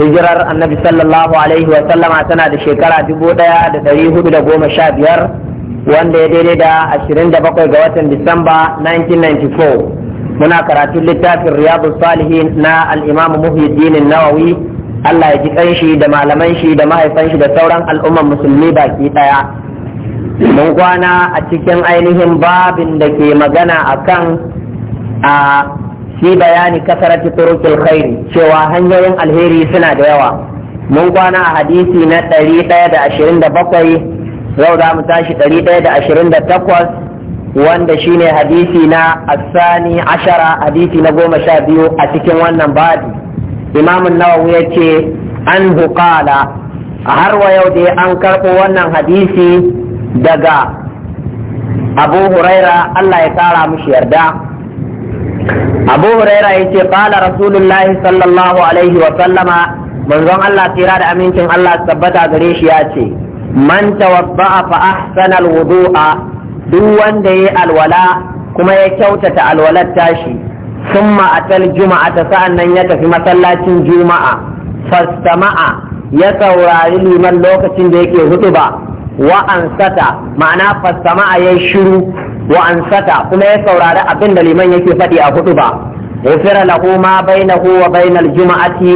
hijirar annabi sallallahu alaihi wa sallama tana da shekara dubu ɗaya da ɗari hudu da goma sha biyar wanda ya daidai da ashirin da bakwai ga watan disamba 1994 muna karatun littafin riyadu salihin na al'imamu Muhyiddinin nawawi allah ya ji kanshi da malaman shi da mahaifan shi da sauran al'umman musulmi baki ɗaya mun kwana a cikin ainihin babin da ke magana akan a fi bayani kasarati turuqil khairi cewa hanyoyin alheri suna da yawa mun kwana a hadisi na 127 yau za mu tashi 128 wanda shine hadisi na asani ashara hadisi na goma sha biyu a cikin wannan babi Imamin nawawi ya ce an hukala har wa yau dai an karɓo wannan hadisi daga abu huraira allah ya kara mushi yarda abu huraira ya ce kala rasulullahi sallallahu alaihi wa sallama manzon allah tira da amincin allah tabbata gare shi ya ce man tawabba'a fa ahsana alwudu'a duk wanda yayi alwala kuma ya kyautata alwalar tashi summa atal sa'an nan ya tafi masallacin juma'a fastama'a ya saurari liman lokacin da yake hutuba wa ansata ma'ana fastama'a ya shiru waansata kuma ya saurari abin da liman yake faɗi a hudu ba ghufira lahu ma kowa wa bainal juma'ati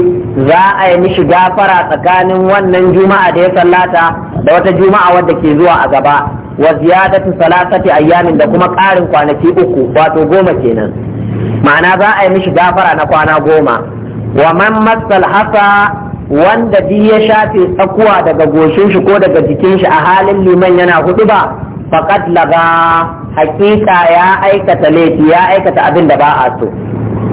za a yi mishi gafara tsakanin wannan juma'a da ya sallata da wata juma'a wadda ke zuwa a gaba wa ziyadatu salasati ayyamin da kuma ƙarin kwanaki uku wato goma kenan ma'ana za a yi mishi gafara na kwana goma wa man massal hasa wanda bi ya shafe tsakuwa daga goshin shi ko daga jikin shi a halin liman yana hudu ba faqad laga hakika ya aikata laifi ya aikata abin da ba a so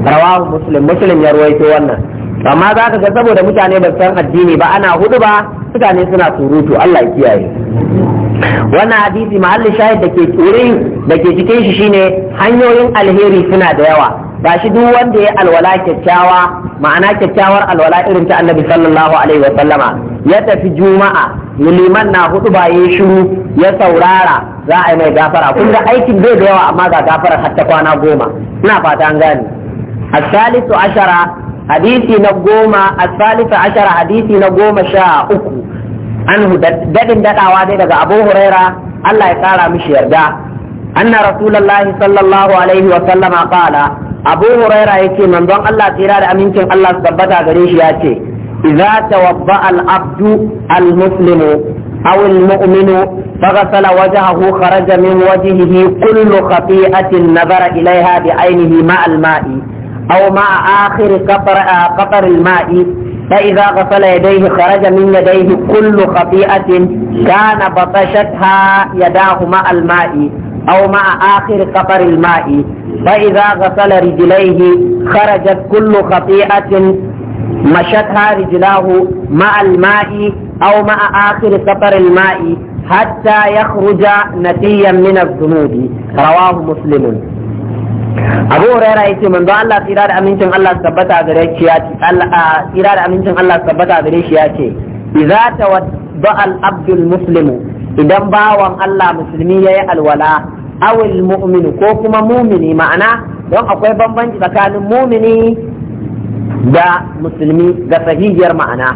rawahu muslim muslim ya ruwaito wannan amma za ka ga saboda mutane ba san addini ba ana hudu ba mutane suna surutu Allah ya kiyaye wannan hadisi mahalli shahid da ke turin da ke cikin shi shine hanyoyin alheri suna da yawa ba shi duk wanda ya alwala kyakkyawa ma'ana kyakkyawar alwala irin ta annabi sallallahu alaihi wa sallama ya tafi juma'a liman na hudu ba ya shiru ya saurara za a yi mai gafara kun ga aikin bai da yawa amma ga gafara har ta kwana goma ina fata an gane asalisu ashara hadisi na goma asalisu ashara hadisi na goma sha uku an dadin dadawa dai daga abu huraira Allah ya kara mishi yarda anna rasulullahi sallallahu alaihi wa sallama qala abu huraira yace manzon Allah tsira da amincin Allah su tabbata gare shi ya ce. إذا توضأ العبد المسلم أو المؤمن فغسل وجهه خرج من وجهه كل خطيئة نظر إليها بعينه مع الماء أو مع آخر قطر, آه، قطر الماء فإذا غسل يديه خرج من يديه كل خطيئة كان بطشتها يداه مع الماء أو مع آخر قطر الماء فإذا غسل رجليه خرجت كل خطيئة مشتها رجلاه مع الماء أو مع آخر قطر الماء حتى يخرج نقيا من الذنوب رواه مسلم abu huraira manzo Allah tsira da amincin ya ce Allah tsira da amincin Allah tabbata gare shi ya ce idza tawadda abdul muslimu idan bawan Allah musulmi yayi alwala awil mu'minu ko kuma mumini ma'ana don akwai bambanci tsakanin mumini da musulmi ga sahihiyar ma'ana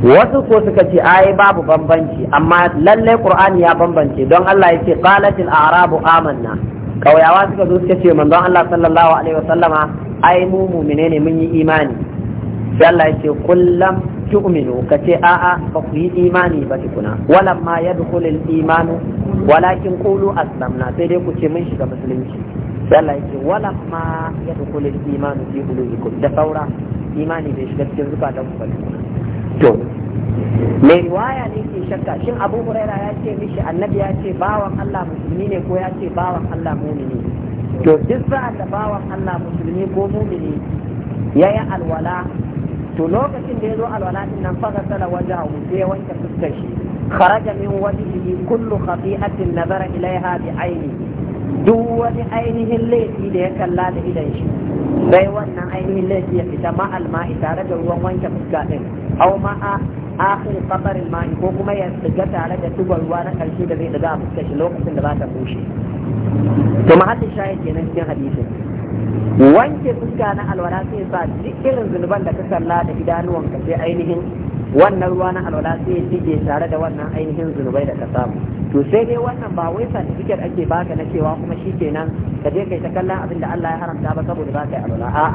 wasu ko suka ce ai babu bambanci amma lalle qur'ani ya bambance don Allah yace qalatil a'rabu amanna kauyawa suka zo suka ce manzon Allah sallallahu alaihi wasallama ai mu mu'mine ne mun yi imani sai Allah ce kullam tu'minu kace a'a ba ku yi imani ba tukuna walam ma yadkhulul imanu walakin qulu aslamna sai dai ku ce mun shiga musulunci Allah yake walam ma ya dukul imanu fi qulubikum da saura imani bai shiga cikin zukatan ku to mai riwaya ne ke shakka shin Abu Huraira ya ce mishi annabi ya ce bawan Allah musulmi ne ko ya ce bawan Allah mumini to duk sa'an da bawan Allah musulmi ko mumini ya yi alwala to lokacin da ya zo alwala din nan fa gasala wajahu sai ya wanke fuskar shi kharaja min wajhihi kullu khati'atin nazara ilaiha bi ainihi duk wani ainihin laifi da ya kalla da idan shi sai wannan ainihin laifi ya fita ma'al ma'i tare da ruwan wanke fuska din au a akhir qabarin ma'i ko kuma ya shiga tare da tubar ruwa na karshe da zai daga a fuskar shi lokacin da za ta bushe to mahallin shahid kenan cikin hadisin wanke fuska na alwala sai sa duk irin zunuban da ka kalla da idanuwanka sai ainihin wannan ruwa na alwala sai ya dige tare da wannan ainihin zunubai da ka samu to sai dai wannan ba wai certificate ake baka na cewa kuma shi kenan ka je kai ta kallon abin da Allah ya haramta ba saboda ba kai alwala a'a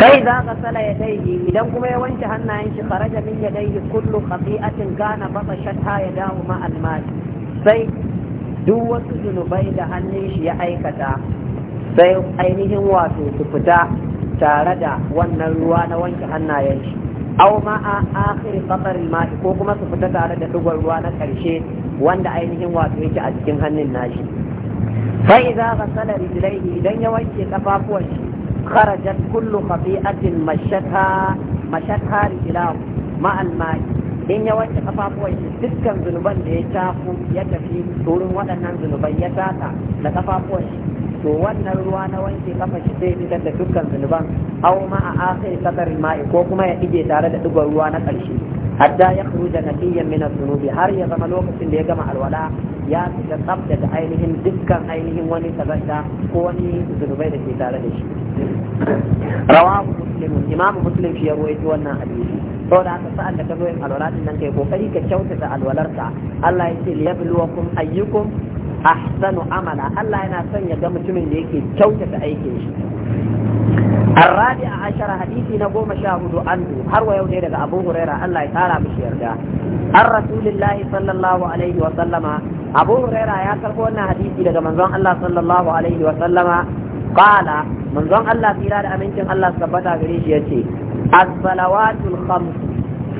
sai za ka sala ya daidai idan kuma ya wanke hannayen shi faraja min ya daidai kullu khati'atin kana bata shatta ya dawo ma sai duk wasu zunubai da hannun shi ya aikata sai ainihin wato su fita tare da wannan ruwa na wanke hannayen shi aw ma a akhir qatar ma ko kuma su fita tare da dugon ruwa na karshe wanda ainihin wato yake a cikin hannun nashi fa idza ghasala rijlaihi idan ya wanke kafafuwan shi kharajat kullu khati'atin mashaka mashaka rijlahu ma al-ma'i in ya wanke kafafuwan shi dukkan zunuban da ya tafu ya tafi wurin waɗannan zunuban ya tata da kafafuwan shi to wannan ruwa na wanke kafa shi sai fitar da dukkan zunuban aw ma a akhir kasar ma'i ko kuma ya dige tare da dubar ruwa na ƙarshe hatta ya khruja na min az-zunubi har ya zama lokacin da ya gama alwala ya fita tsab daga ainihin dukkan ainihin wani kazanta ko wani zunubai da ke tare da shi rawahu muslim imamu muslim shi ya rawaito wannan hadisi saboda haka sa'an da ka zo yin alwala din nan kai kokari ka kyautata alwalarka Allah ya ce liyabluwakum ayyukum ahsanu amala Allah yana son ya ga mutumin da yake kyautata aikin shi الرابع عشر حديثي نقوم شاهد عنه هر ويوم daga أبو هريرة الله تعالى مش يرجع عن رسول الله صلى الله عليه وسلم أبو هريرة يا كربونا حديثي daga منظوم الله صلى الله عليه وسلم قال منظوم الله تعالى أمنتم الله ثبت غريش يتي الصلوات الخمس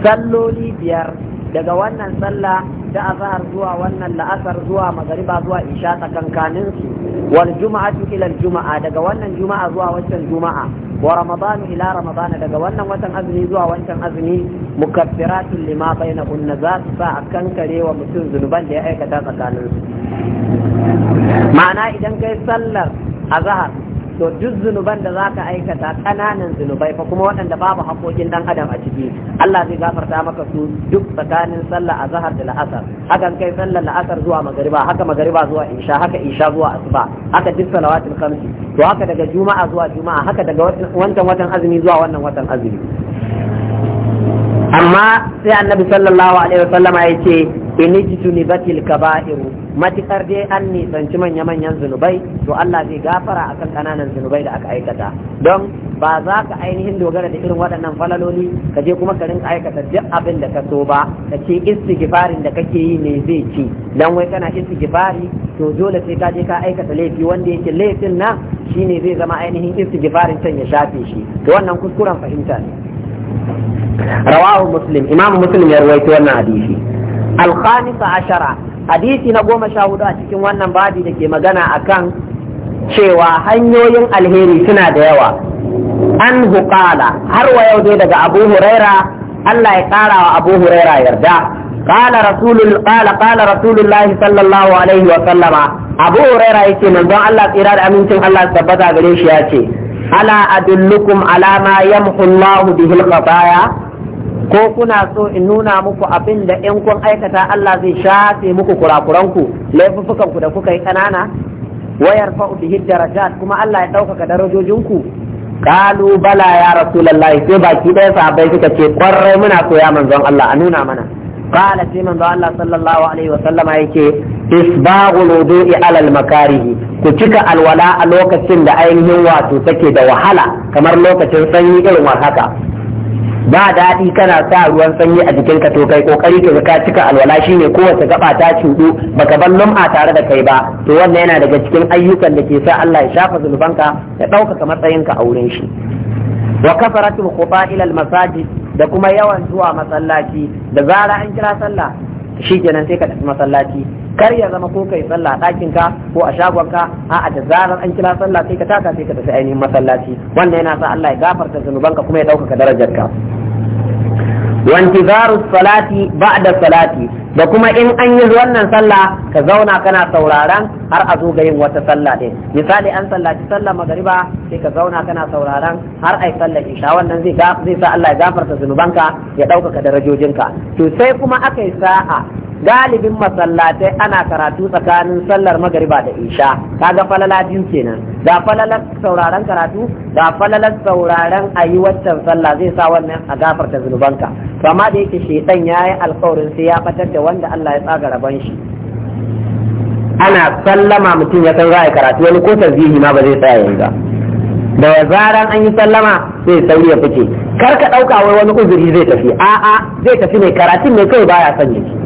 صلوا لي بيار daga wannan sallah da azhar zuwa wannan la'asar zuwa magariba zuwa isha tsakankanin su wal juma'atu ila juma'a daga wannan juma'a zuwa wancan juma'a wa ramadan ila ramadan daga wannan watan azumi zuwa wancan azumi mukaffiratun lima kunna za su sa a kankare wa mutum zunuban da ya aikata tsakanin su ma'ana idan kai sallar azhar to duk zunuban da ka aikata kananan zunubai fa kuma waɗanda babu haƙoƙin ɗan adam a ciki Allah zai gafarta maka su duk tsakanin sallah a zahar da la'asar hakan kai sallar la'asar zuwa magariba haka magariba zuwa isha haka isha zuwa asuba haka duk salawatul khamsi to haka daga juma'a zuwa juma'a haka daga wancan watan azumi zuwa wannan watan azumi amma sai annabi sallallahu alaihi wasallama ya ce inijtunibatil kaba'iru matikar dai an nisanci manya-manyan zunubai to Allah zai gafara akan kananan zunubai da aka aikata don ba za ka ainihin dogara da irin waɗannan falaloli ka je kuma ka rinka aikata duk abin da ka so ba ka ce istighfarin da kake yi ne zai ci dan wai kana istighfari to dole sai ka je ka aikata laifi wanda yake laifin nan shine zai zama ainihin istighfarin can ya shafe shi to wannan kuskuren fahimta ne rawahu muslim imamu muslim ya rawaito wannan hadisi alkhamisa ashara hadisi na goma sha hudu a cikin wannan babi da ke magana akan cewa hanyoyin alheri suna da yawa an hukala har wa yau dai daga abu huraira Allah ya ƙara wa abu huraira yarda قال رسول قال قال رسول الله صلى الله عليه وسلم ابو هريره yace manzon Allah tsira da amincin Allah tabbata gare shi ce ala adullukum alama ma yamhu Allah bihi al ko kuna so in nuna muku abin da in kun aikata Allah zai shafe muku kurakuranku laifuffukanku da kuka yi kanana wayar fa'u bihi darajat kuma Allah ya ɗaukaka darajojinku kalu bala ya rasulullahi sai baki ɗaya sahabbai suka ce kwarai muna so ya manzon Allah a nuna mana qala sai manzon Allah sallallahu alaihi wa yake isbaghul wudu'i alal makarihi ku cika alwala a lokacin da ainihin wato take da wahala kamar lokacin sanyi irin haka ba daɗi kana sa ruwan sanyi a jikinka to kai kokari ka ka cika alwala shine kowace gaba ta cuɗu baka bar lum'a tare da kai ba to wannan yana daga cikin ayyukan da ke sa Allah ya shafa zunubanka ya ɗaukaka matsayinka a wurin shi wa kasaratul khufa ila al masajid da kuma yawan zuwa masallaci da zara an kira sallah shi shikenan sai ka tafi masallaci kar ya zama ko kai sallah a ɗakinka ka ko a shagon ka a da zarar an kira sallah sai ka taka sai ka tafi ainihin masallaci wannan yana sa Allah ya gafarta zunuban ka kuma ya ɗaukaka darajarka. ka wa salati ba'da salati da kuma in an yi wannan sallah ka zauna kana sauraron har a zo ga yin wata sallah din misali an sallaci sallah magariba sai ka zauna kana sauraron har ai sallah isha wannan zai zai sa Allah ya gafarta zunubanka ya ɗaukaka darajojinka to sai kuma akayi sa'a galibin masallatai ana karatu tsakanin sallar magariba da isha kaga falala biyu kenan da falalar sauraron karatu da falalar sauraron ayi waccan sallah zai sa wannan a gafarta zunubanka to amma da yake shedan yayi alƙawarin sai ya fatar da wanda Allah ya tsaga raban shi ana sallama mutum ya san za a karatu wani ko tarzihi ma ba zai tsaya yanzu ba da zaran an yi sallama sai sauri ya fice kar ka ɗauka wai wani uzuri zai tafi a'a zai tafi ne karatun ne kai baya son yake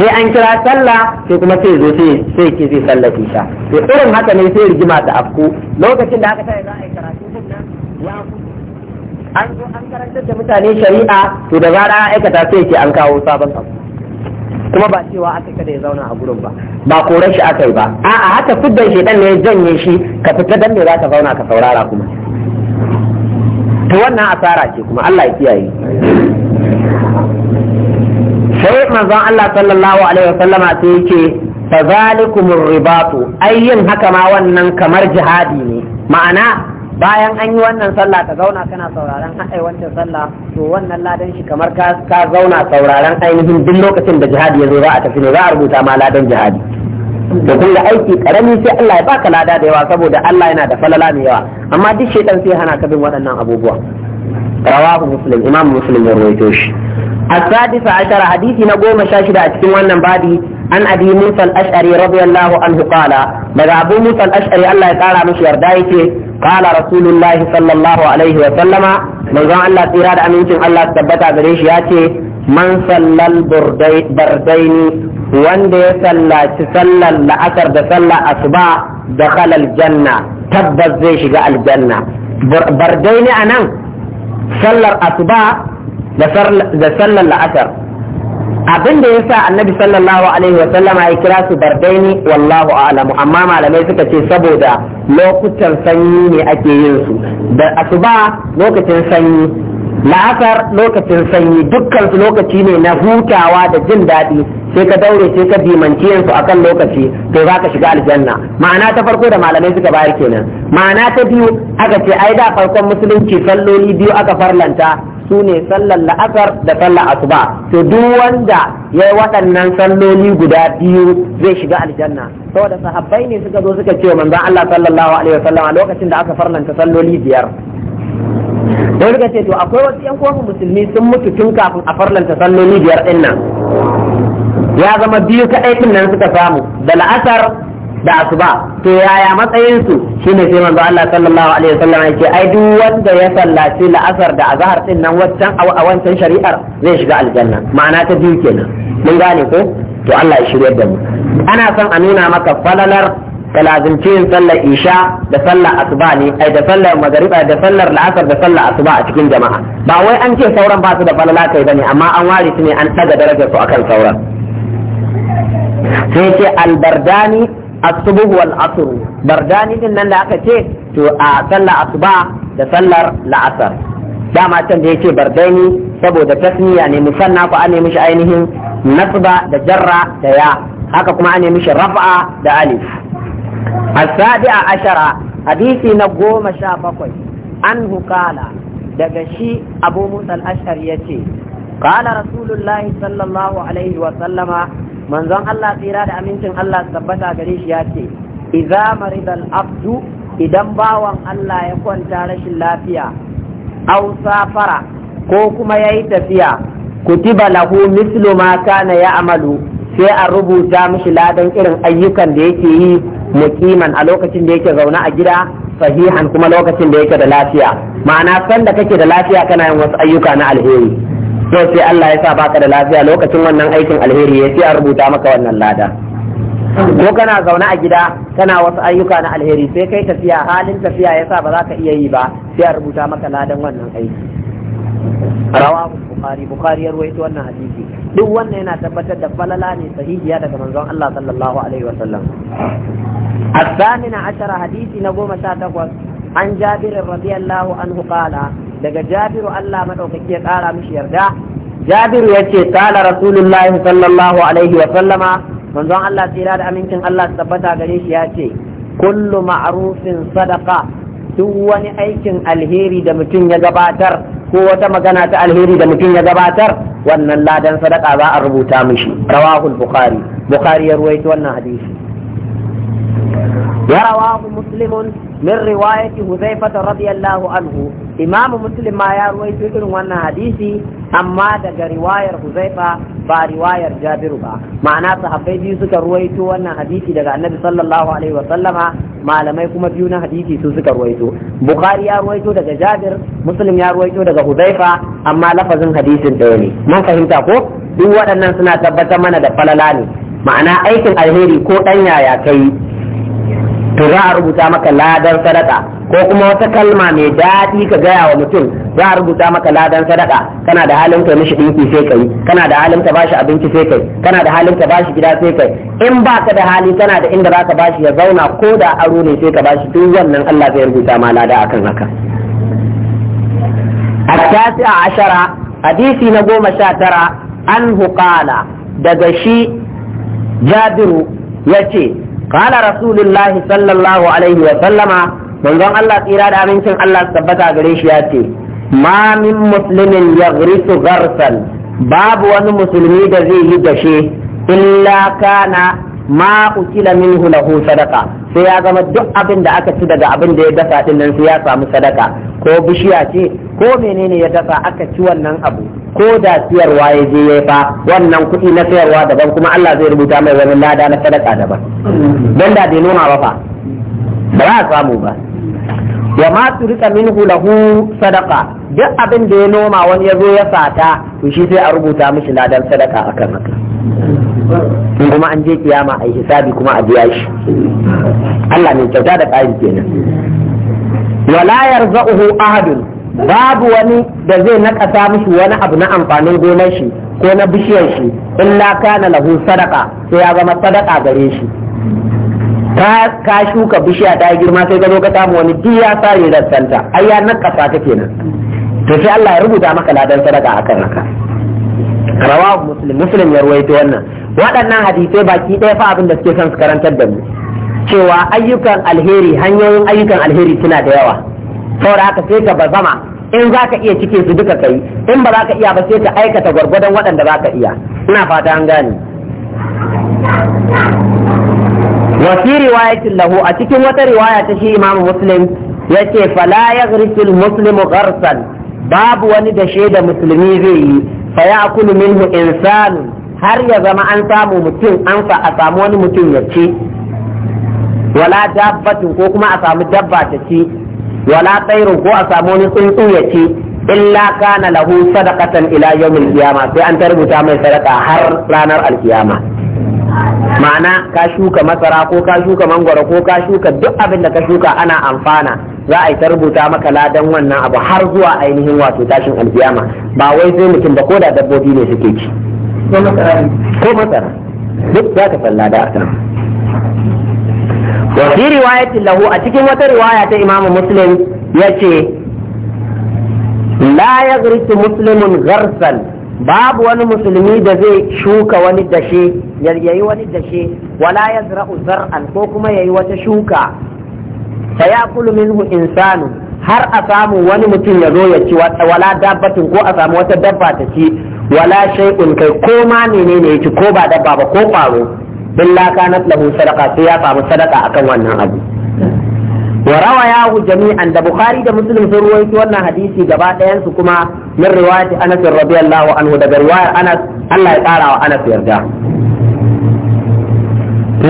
sai an kira sallah sai kuma sai zo sai sai ke zai sallah isha to irin haka ne sai rigima ta afku lokacin da aka tare za a yi karatu din nan ya an zo an karantar da mutane shari'a to da zara an aikata sai ke an kawo sabon abu kuma ba cewa aka kada ya zauna a gurin ba ba koran shi aka yi ba a'a haka fiddan shi dan ne ya janye shi ka fita dan ne za ka zauna ka saurara kuma to wannan asara ce kuma Allah ya kiyaye sai manzon Allah sallallahu alaihi wasallama sai yake fazalikumur ribatu ai yin haka ma wannan kamar jihadi ne ma'ana bayan an yi wannan sallah ka zauna kana sauraron ai wancan sallah to wannan ladan shi kamar ka ka zauna sauraron ainihin duk lokacin da jihadi ya zo za a tafi ne za a rubuta ma ladan jihadi to kun ga aiki karami sai Allah ya baka lada da yawa saboda Allah yana da falala mai yawa amma duk shedan sai hana ka bin waɗannan abubuwa rawahu muslim imam muslim ya rawaito shi السادس عشر حديث نقوم شاشد أتكلم عن بابي عن أبي موسى الأشعري رضي الله عنه قال لذا أبو موسى الأشعري الله تعالى مش يردائك قال رسول الله صلى الله عليه وسلم من زمان الله تيراد أمينكم الله تثبت بريش ياتي man sallal bardaini wanda ya sallaci sallar la'asar da sallar asuba da halal janna tabbas zai shiga aljanna bardaini a nan sallar asuba da sallar la'asar abin da ya sa annabi sallallahu alaihi wa sallama ya kira su bardaini wallahu a'lamu amma malamai suka ce saboda lokutan sanyi ne ake yin su da asuba lokacin sanyi la'asar lokacin sanyi dukkan su lokaci ne na hutawa da jin daɗi sai ka daure sai ka dimanci yansu akan lokaci to za ka shiga aljanna ma'ana ta farko da malamai suka bayar kenan ma'ana ta biyu aka ce ai da farkon musulunci salloli biyu aka farlanta su ne sallar la'asar da sallar asuba to duk wanda ya yi waɗannan salloli guda biyu zai shiga aljanna saboda sahabbai ne suka zo suka ce manzon Allah sallallahu alaihi wasallam a lokacin da aka farlanta salloli biyar sai suka ce to akwai wasu yan kofin musulmi sun mutu tun kafin a farlanta salloli biyar din nan ya zama biyu kaɗai din nan suka samu da la'asar da asuba to yaya matsayinsu shine sai manzo Allah sallallahu alaihi wasallam yake ai duk wanda ya sallaci la'asar da azhar din nan waccan a wancan shari'ar zai shiga aljanna ma'ana ta biyu kenan mun gane ko to Allah ya shirye da mu ana son a nuna maka falalar ka lazimci sallar isha da sallar asuba ne ai da sallar magariba da sallar la'asar da sallar asuba a cikin jama'a ba wai an ce sauran ba su da falala kai bane amma an ware su ne an daga darajar su akan sauran sai ce albardani asubuhu wal asru bardani din nan da aka ce to a sallar asuba da sallar la'asar dama can da yake bardani saboda tasmiya ne musanna ko an shi ainihin nasba da jarra da ya haka kuma an shi raf'a da alif as-sabi'a ashara hadisi na goma sha bakwai an hukala daga shi abu ashar ya ce kala rasulullahi sallallahu alaihi wa sallama manzon Allah tsira da amincin Allah tabbata gare shi ya ce idza maridal abdu idan bawan Allah ya kwanta rashin lafiya aw safara ko kuma yayi tafiya kutiba lahu mislu ma kana ya'malu sai a rubuta mishi ladan irin ayyukan da yake yi mukiman a lokacin da yake zaune a gida sahihan kuma lokacin da yake da lafiya ma'ana san da kake da lafiya kana yin wasu ayyuka na alheri don sai Allah ya sa baka da lafiya lokacin wannan aikin alheri ya sai a rubuta maka wannan lada ko kana zaune a gida kana wasu ayyuka na alheri sai kai tafiya halin tafiya ya sa ba za ka iya yi ba sai a rubuta maka ladan wannan aiki rawa bukhari bukhari ya ruwaito wannan hadisi duk wannan yana tabbatar da falala ne sahihiya daga manzon Allah sallallahu alaihi wa sallam الثامنة عشر حديث نقوم شاتقوس عن جابر رضي الله عنه قال لقى جابر ألا مدوكي قال مش يرجع جابر يتي قال رسول الله صلى الله عليه وسلم من ظن الله تيراد أمينكم الله ثبتا قريش ياتي كل معروف صدقة duk wani aikin alheri da mutum ya gabatar ko wata magana ta alheri da mutum ya gabatar wannan ladan sadaka za a rubuta mishi rawahul bukhari bukhari ya ruwaito wannan hadisi ya rawahu muslimun min riwayati huzaifata radiyallahu anhu imamu muslim ya ruwaito irin wannan hadisi amma daga riwayar huzaifa ba riwayar jabiru ba ma'ana sahabbai biyu suka ruwaito wannan hadisi daga annabi sallallahu alaihi wa sallama malamai kuma biyu na hadisi su suka ruwaito bukhari ya ruwaito daga jabir muslim ya ruwaito daga huzaifa amma lafazin hadisin ɗaya ne mun fahimta ko duk waɗannan suna tabbatar mana da falala ne ma'ana aikin alheri ko ɗan yaya kai to za a rubuta maka ladan sadaka ko kuma wata kalma mai daɗi ka gaya wa mutum za a rubuta maka ladan sadaka kana da halin ka mishi ɗinki sai kai kana da halin ka bashi abinci sai kai kana da halin ka bashi gida sai kai in ba ka da hali kana da inda zaka bashi ya zauna ko da aro ne sai ka bashi duk wannan Allah zai rubuta ma lada akan haka التاسعة عشرة tara نقوم شاترة daga shi jabiru ya ce. qala rasulullahi sallallahu alaihi wa sallama manzon Allah tsira da amincin Allah tabbata gare shi ya ce ma min gari su gharsan babu wani musulmi da zai yi gashe illa kana ma ukila minhu lahu sadaka. sai ya zama duk abin da aka ci daga abin da ya dafa din nan sai ya samu sadaka ko bishiya ce ko menene ya dafa aka ci wannan abu ko da siyarwa ya je ya fa wannan kuɗi na siyarwa daban kuma Allah zai rubuta mai wani lada na sadaka daban don da bai noma ba fa ba za a samu ba wa ma turika minhu lahu sadaka duk abin da ya noma wani ya zo ya sata to shi sai a rubuta mishi ladan sadaka akan haka in kuma an je kiyama a yi hisabi kuma a biya shi Allah mai kyauta da ƙari kenan wala yarza'uhu ahadun babu wani da zai nakasa mishi wani abu na amfanin gonar shi ko na bishiyar shi illa kana lahu sadaka sai ya zama sadaka gare shi ka shuka bishiya ta girma sai ka zo ka samu wani duk ya sare rassanta ai ya nakasa ta kenan to sai Allah ya rubuta maka ladan sadaka akan haka rawahu muslim muslim ya ruwaito wannan waɗannan hadisai baki ɗaya fa abin da suke son su karantar da mu cewa ayyukan alheri hanyoyin ayyukan alheri suna da yawa saboda haka sai ka bazama in za ka iya cike su duka kai in ba za ka iya ba sai ka aikata gwargwadon waɗanda za ka iya ina fata an gane wasi riwayatin lahu a cikin wata riwaya ta shi imamu muslim ya ce fala Muslim muslimu garsan babu wani da shaida musulmi zai yi fa kulu minhu insanu har ya zama an samu mutum an fa a samu wani mutum ya ce wala dabbatin ko kuma a samu dabba ta ci wala tsairin ko a samu wani tsuntsu ya ci illa kana lahu sadaqatan ila yawmil qiyamah sai an tarbuta mai sadaka har ranar alkiyama ma'ana ka shuka masara ko ka shuka mangwaro ko ka shuka duk abin da ka shuka ana amfana za a yi maka ladan wannan abu har zuwa ainihin wato tashin alkiyama ba wai sai mutum ba ko da dabbobi ne suke ci ko masara duk za ka san lada a kan wa fi riwayatin lahu a cikin wata riwaya ta imamu muslim yace la yaghrisu muslimun gharsan babu wani musulmi da zai shuka wani dashe yi wani dashe wala yazra'u zar'an ko kuma yayi wata shuka sayakulu minhu insanu har a samu wani mutum ya zo ya ci wala dabbatin ko a samu wata dabba ta ci wala shay'un kai ko ma menene ya ci ko ba dabba ba ko kwaro illa kanat lahu sadaqa sai ya samu sadaka akan wannan abu wa rawayahu jami'an da bukhari da muslim sun ruwaito wannan hadisi gaba ɗayan su kuma min riwayati anas radiyallahu anhu daga riwayar anas Allah ya kara wa anas yarda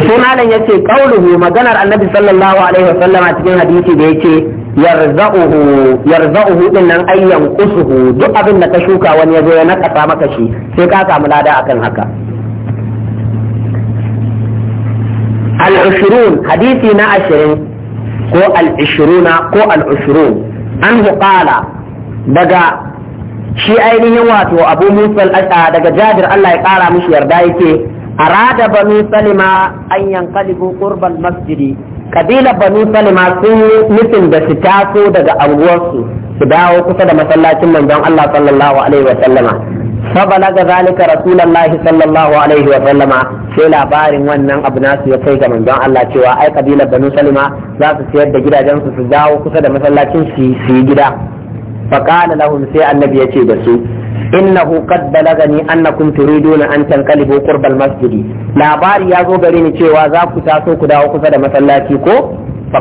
sun ya yace qauluhu maganar annabi sallallahu alaihi wa sallama cikin hadisi da yace yarza'uhu yarza'uhu din nan ayyan kusuhu duk abin da ka shuka wani yazo ya nakasa maka shi sai ka samu lada akan haka al-ushrun hadisi na ashirin ko al ko al an qala daga shi ainihin wato abu musa daga jabir Allah ya kara mishi yarda yake arada banu salima an yanqalibu qurbal masjidi kabila banu salima sun yi da su daga anguwarsu su dawo kusa da masallacin manzon Allah sallallahu alaihi wa sallama فبلغ ذلك رسول الله صلى الله عليه وسلم sai labarin wannan abu nasu ya kai ga manzon Allah cewa ai kabilar Banu Salima za su siyar da gidajen su su dawo kusa da masallacin su su yi gida faqala lahum sai annabi ya ce da su innahu qad balagani annakum turiduna an tanqalibu qurba al-masjid labari ya zo gare ni cewa za ku taso ku dawo kusa da masallaci ko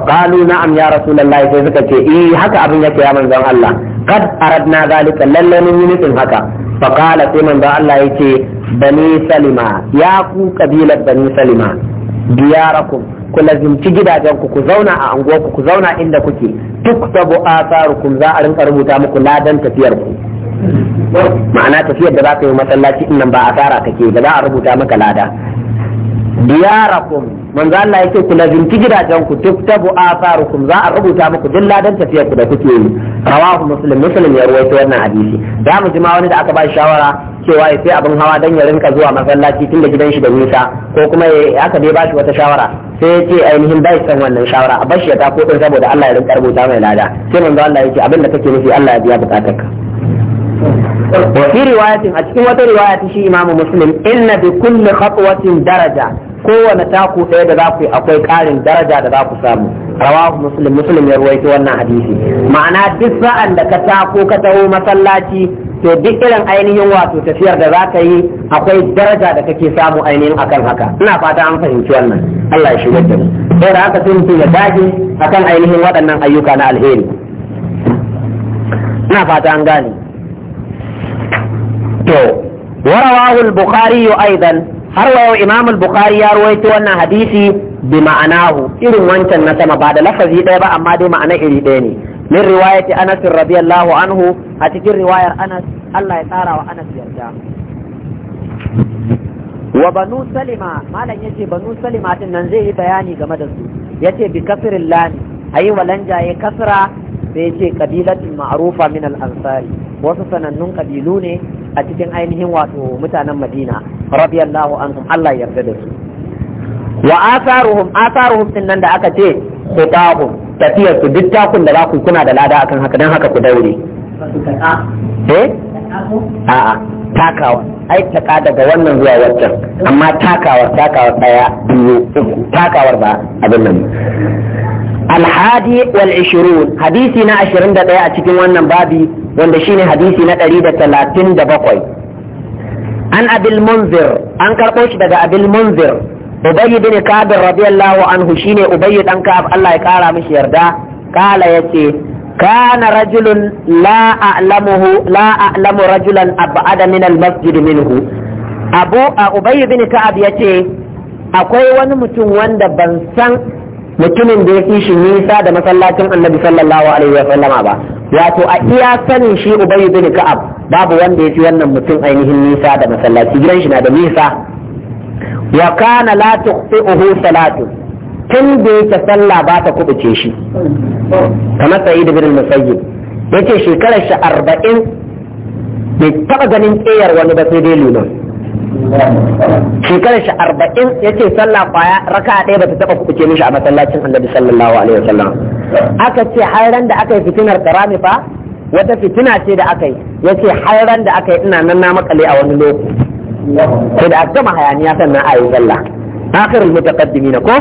qalu na'am ya rasulullahi sai suka ce eh haka abin yake ya manzon Allah kad aradna zalika lallanin nufin haka faƙala sai manzo Allah ya ce bani salima ya ku kabilar bani salima diyarakum ku lazimci gidajenku ku zauna a anguwarku ku zauna inda kuke duk sabu asarukum za a rinka rubuta muku ladan tafiyar ku ma'ana tafiyar da za ka yi masallaci in nan ba asara kake ba za a rubuta maka lada diyarakum manzo Allah yake ku ki gidajen ku tuktabu atharukum za a rubuta muku duk ladan tafiyar ku da kuke yi rawahu muslim muslim ya rawaito wannan hadisi da mu jima wani da aka ba shawara cewa ya sai abin hawa dan ya rinka zuwa masallaci tun da gidan shi da nisa ko kuma aka dai bashi wata shawara sai ya ce ainihin bai san wannan shawara a bashi ya ta ko saboda Allah ya rinka rubuta mai lada sai manzo Allah yake abin da kake nufi Allah ya biya bukatarka وفي رواية أتكلم رواية شيء إمام مسلم bi بكل خطوة daraja. kowane taku ɗaya da za ku yi akwai ƙarin daraja da za ku samu rawahu muslim muslim ya ruwaito wannan hadisi ma'ana duk sa'an da ka tako ka taho masallaci to duk irin ainihin wato tafiyar da za ka yi akwai daraja da kake samu ainihin akan haka ina fata an fahimci wannan Allah ya shigar da mu sai da haka sai mutum ya dage akan ainihin waɗannan ayyuka na alheri ina fata an gane to ورواه البخاري أيضا har wa yau Imam al-Bukhari ya ruwaito wannan hadisi bi ma'anahu irin wancan na sama ba da lafazi ɗaya ba amma dai ma'ana iri ɗaya ne min riwayati Anas radiyallahu anhu a cikin riwayar Anas Allah ya tsara wa Anas yarda wa banu salima malam yace banu salima din nan zai yi bayani game da su yace bi kasrin lam ayi walanja ya kasra sai yace qabilatul ma'rufa min al ansari wasu sanannun kabilu ne a cikin ainihin wato mutanen Madina rabiyallahu anhum Allah ya yarda da su wa asaruhum asaruhum din nan da aka ce khutahum tafiyar su duk takun da za ku kuna da lada akan haka dan haka ku daure eh a'a takawa ai taka daga wannan zuwa wancan amma takawar takawar daya biyu uku takawar ba abin nan alhadi wal 20 hadisi na 21 a cikin wannan babi wanda shine hadisi na ɗari da talatin da bakwai an abil munzir an karɓo shi daga abil munzir ubayy bin ka'ab radiyallahu anhu shine ubayy dan ka'ab Allah ya kara mishi yarda kala yace kana rajulun la a'lamuhu la a'lamu rajulan ab'ada min al-masjid minhu abu ubayy bin ka'ab yace akwai wani mutum wanda ban san mutumin da ya fi shi nisa da masallacin annabi sallallahu alaihi wa sallama ba wato a iya sanin shi ubayi bin ka'ab babu wanda ya fi wannan mutum ainihin nisa da masallaci gidan shi na da nisa wa kana la tuqti'uhu salatu tun da yake sallah ba ta kubuce shi kamar sa'id bin al-musayyib yace shekarar shi 40 bai taba ganin tsayar wani ba sai dai liman shekarar shi arba'in ya ce sallah kwaya raka ɗaya ba ta taɓa kuɓuce mishi a masallacin annabi sallallahu alaihi wasallam aka ce har da aka yi fitinar karami fa wata fitina ce da aka yi ya ce har da aka yi ina nan na makale a wani lokaci sai da aka gama hayaniya sannan a yi sallah akhirul mutaqaddimin ko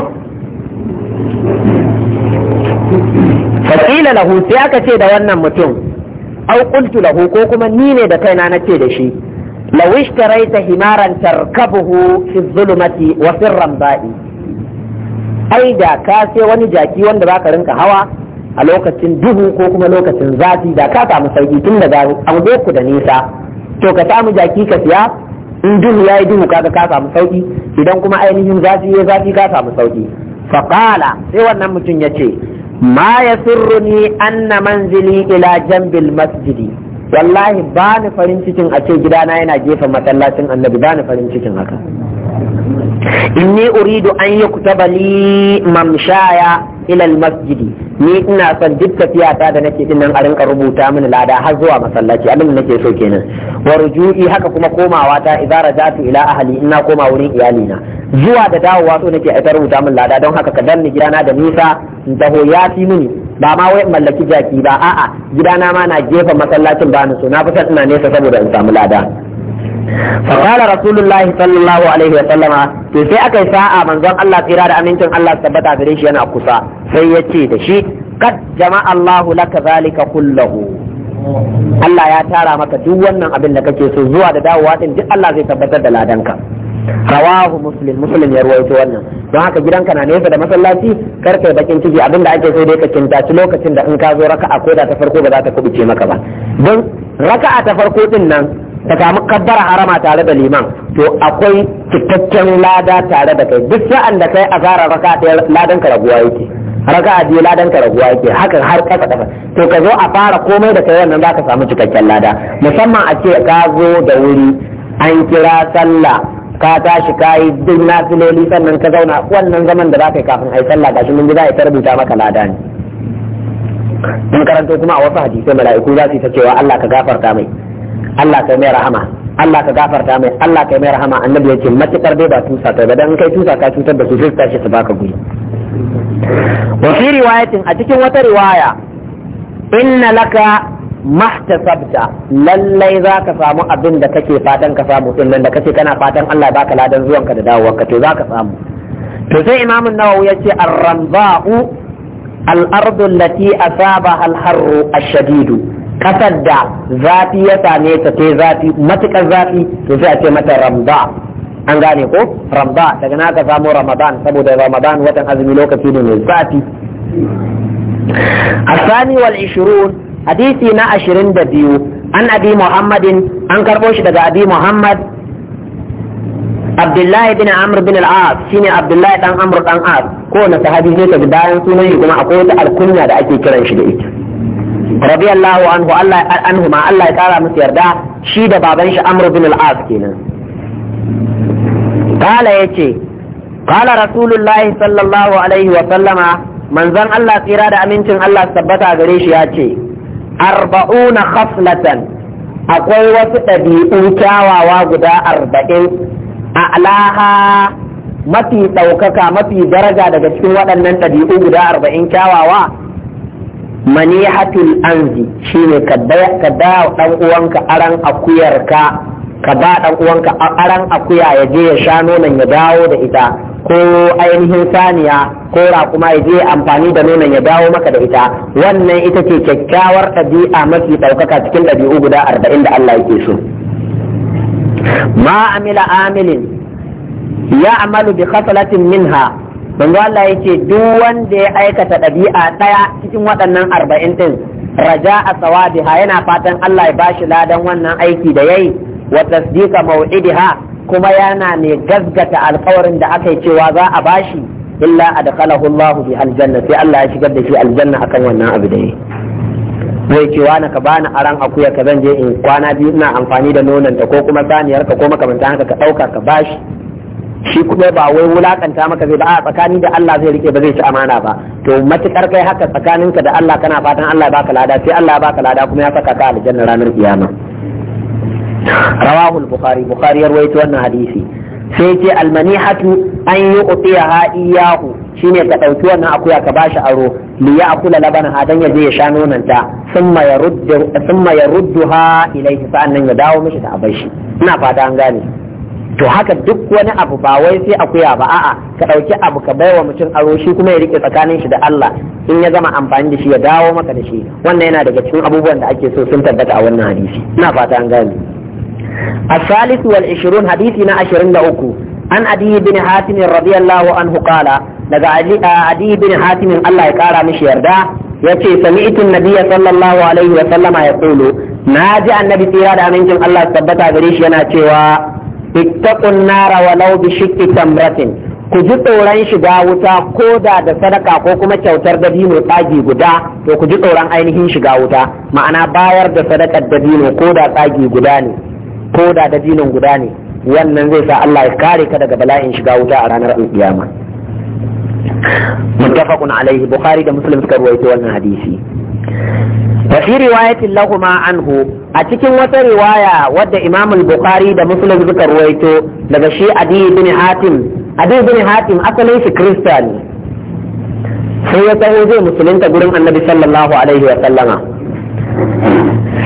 fakila lahu sai aka ce da wannan mutum au qultu lahu ko kuma ni ne da kaina na ce da shi law ishtaraita himaran tarkabuhu fi dhulumati wa sirran ba'i ai da ka sai wani jaki wanda ba ka rinka hawa a lokacin duhu ko kuma lokacin zafi da ka samu sauki tun da an ku da nisa to ka samu jaki ka siya in duhu yayi duhu kaga ka samu sauki idan kuma ainihin zafi ya zafi ka samu sauki faqala sai wannan mutum yace ma yasurruni anna manzili ila jambil masjidi wallahi ba ni farin cikin a ce gidana yana gefen masallacin annabi ba ni farin cikin haka inni uridu an yaktaba li mamshaya ila masjidi ni ina son duk tafiyata da nake din nan a rinka rubuta mini lada har zuwa masallaci abin da nake so kenan wa ruju'i haka kuma komawa ta idza rajatu ila ahli ina koma wurin na zuwa da dawowa so nake a rubuta min lada don haka ka danni gidana da nisa in taho ya fi mini ba ma wai mallaki jaki ba a'a gidana ma na gefen masallacin ba ni so na fi ina nesa saboda in samu lada fa qala rasulullahi sallallahu alaihi wa sallama to sai akai sa'a manzon Allah tsira da amincin Allah tabbata gare shi yana kusa sai ya ce da shi kad jama'a Allah laka zalika kullahu Allah ya tara maka duk wannan abin da kake so zuwa da dawowa din duk Allah zai tabbatar da ladanka rawahu muslim muslim ya ruwaito wannan don haka gidanka na nesa da masallaci kar kai bakin ciki abin da ake so dai ka kintaci lokacin da in ka zo raka'a ko da ta farko ba za ta kubuce maka ba don raka'a ta farko din nan ka samu kabbara harama tare da liman to akwai cikakken lada tare da kai duk sa'an da kai asarar raka ɗaya ladan ka raguwa yake raka a biyu ladan ka raguwa yake haka har kasa kasa to ka zo a fara komai da kai wannan ka samu cikakken lada musamman a ce ka zo da wuri an kira sallah ka tashi ka yi duk nafiloli sannan ka zauna wannan zaman da ka yi kafin ai sallah gashi mun gida za ta rubuta maka lada ne in karanto kuma a wasu hadisai mala'iku za su yi ta cewa Allah ka gafarta mai Allah kai mai rahama Allah ka gafarta mai Allah kai mai rahama annabi ya ce matukar dai ba tusa kai ba dan kai tusa ka cutar da su sai tashi su baka guri wa fi riwayatin a cikin wata riwaya inna laka mahtasabta lallai za ka samu abin da kake fatan ka samu din nan da kace kana fatan Allah baka ladan zuwanka da dawowarka to za ka samu to sai imam an-nawawi yace ar-ramza'u al-ardu allati asabaha al-harru ash-shadidu kasar da zafi ya same ta sai zafi matukar zafi to sai a ce mata ramda an gane ko ramda daga na ka samu ramadan saboda ramadan watan azumi lokaci ne mai zafi asani wal 20 hadisi na ashirin da biyu, an abi muhammadin an karɓo shi daga abi muhammad Abdullahi bin Amr bin al-As shine Abdullahi dan Amr dan As ko na sahabi ne ta bayan sunan shi kuma akwai wata alkunya da ake kiran shi da ita radiyallahu anhu Allah anhu Allah ya kara musu yarda shi da baban shi Amr bin al-As kenan kala yace kala rasulullahi sallallahu alaihi wa sallama manzon Allah tsira da amincin Allah tabbata gare shi ya ce arba'una khaflatan akwai wasu ɗabi'u kyawawa guda arba'in a alaha mafi ɗaukaka mafi daraja daga cikin waɗannan ɗabi'u guda arba'in kyawawa manihatul anzi shine ka da dan uwanka aran akuyarka ka ba dan uwanka aran akuya ya je ya sha nonon ya dawo da ita ko ainihin saniya ko raƙuma ya je amfani da nonon ya dawo maka da ita wannan ita ce kyakkyawar ɗabi'a mafi ɗaukaka cikin ɗabi'u guda arba'in da Allah yake so ma amila amilin ya amalu bi khaslatin minha manzo Allah ya ce duk wanda ya aikata ɗabi'a ɗaya cikin waɗannan arba'in ɗin raja a ha yana fatan Allah ya bashi ladan wannan aiki da yayi wa tasdiqa ha, kuma yana mai gazgata alƙawarin da aka yi cewa za a bashi illa adkhalahu Allah bi aljanna sai Allah ya shigar da shi aljanna akan wannan abu da yayi zai ce wani ka bani aran akuya ka zan je in kwana biyu ina amfani da nonon ta ko kuma saniyar ka ko makamantan haka ka ɗauka ka bashi shi kuma ba wai wulakanta maka zai ba a tsakani da Allah zai rike ba zai ci amana ba to matukar kai haka tsakaninka da Allah kana fatan Allah ya baka lada sai Allah ya baka lada kuma ya saka ka aljanna ranar kiyama rawahul bukhari bukhari yarwaito wannan hadisi sai ce almanihatu an yi utiyaha iyahu shine ka dauki wannan akuya ka bashi aro li ya'kula labana hadan ya je ya sha nonon ta thumma yaruddu thumma yarudduha ilayhi sa'annan ya dawo mishi da abashi ina fata an gane to haka duk wani abu ba wai sai akuya ba a'a ka ɗauki abu ka baiwa mutum aro shi kuma ya rike tsakanin shi da Allah in ya gama amfani da shi ya dawo maka da shi wannan yana daga cikin abubuwan da ake so sun tabbata a wannan hadisi ina fata an gane الثالث والعشرون حديثنا عشرين لأكو عن عدي بن حاتم رضي الله عنه قال لقى عدي بن حاتم الله يقارى مش يرداه يتي سمعت النبي صلى الله عليه وسلم يقول ناجع النبي سيرا دا منكم الله shi بريش ينا ittaqun nara walau bi shiqqi tamratin ku ji tsoron shiga wuta ko da da sadaka ko kuma kyautar dabino tsagi guda to ku ji tsoron ainihin shiga wuta ma'ana bayar da sadakar dabino ko da tsagi guda ne ko da dabinon guda ne wannan zai sa Allah ya kare ka daga bala'in shiga wuta a ranar alkiyama muttafaqun alaihi bukhari da muslim suka ruwaito wannan hadisi وفي رواية لهما عنه أتكن وترواية ود إمام البخاري دا مسلم ذكر ويتو لغشي أدي بن حاتم أدي بن حاتم أصلي في كريستال sai ya taho zai musulunta gurin annabi sallallahu alaihi wa sallama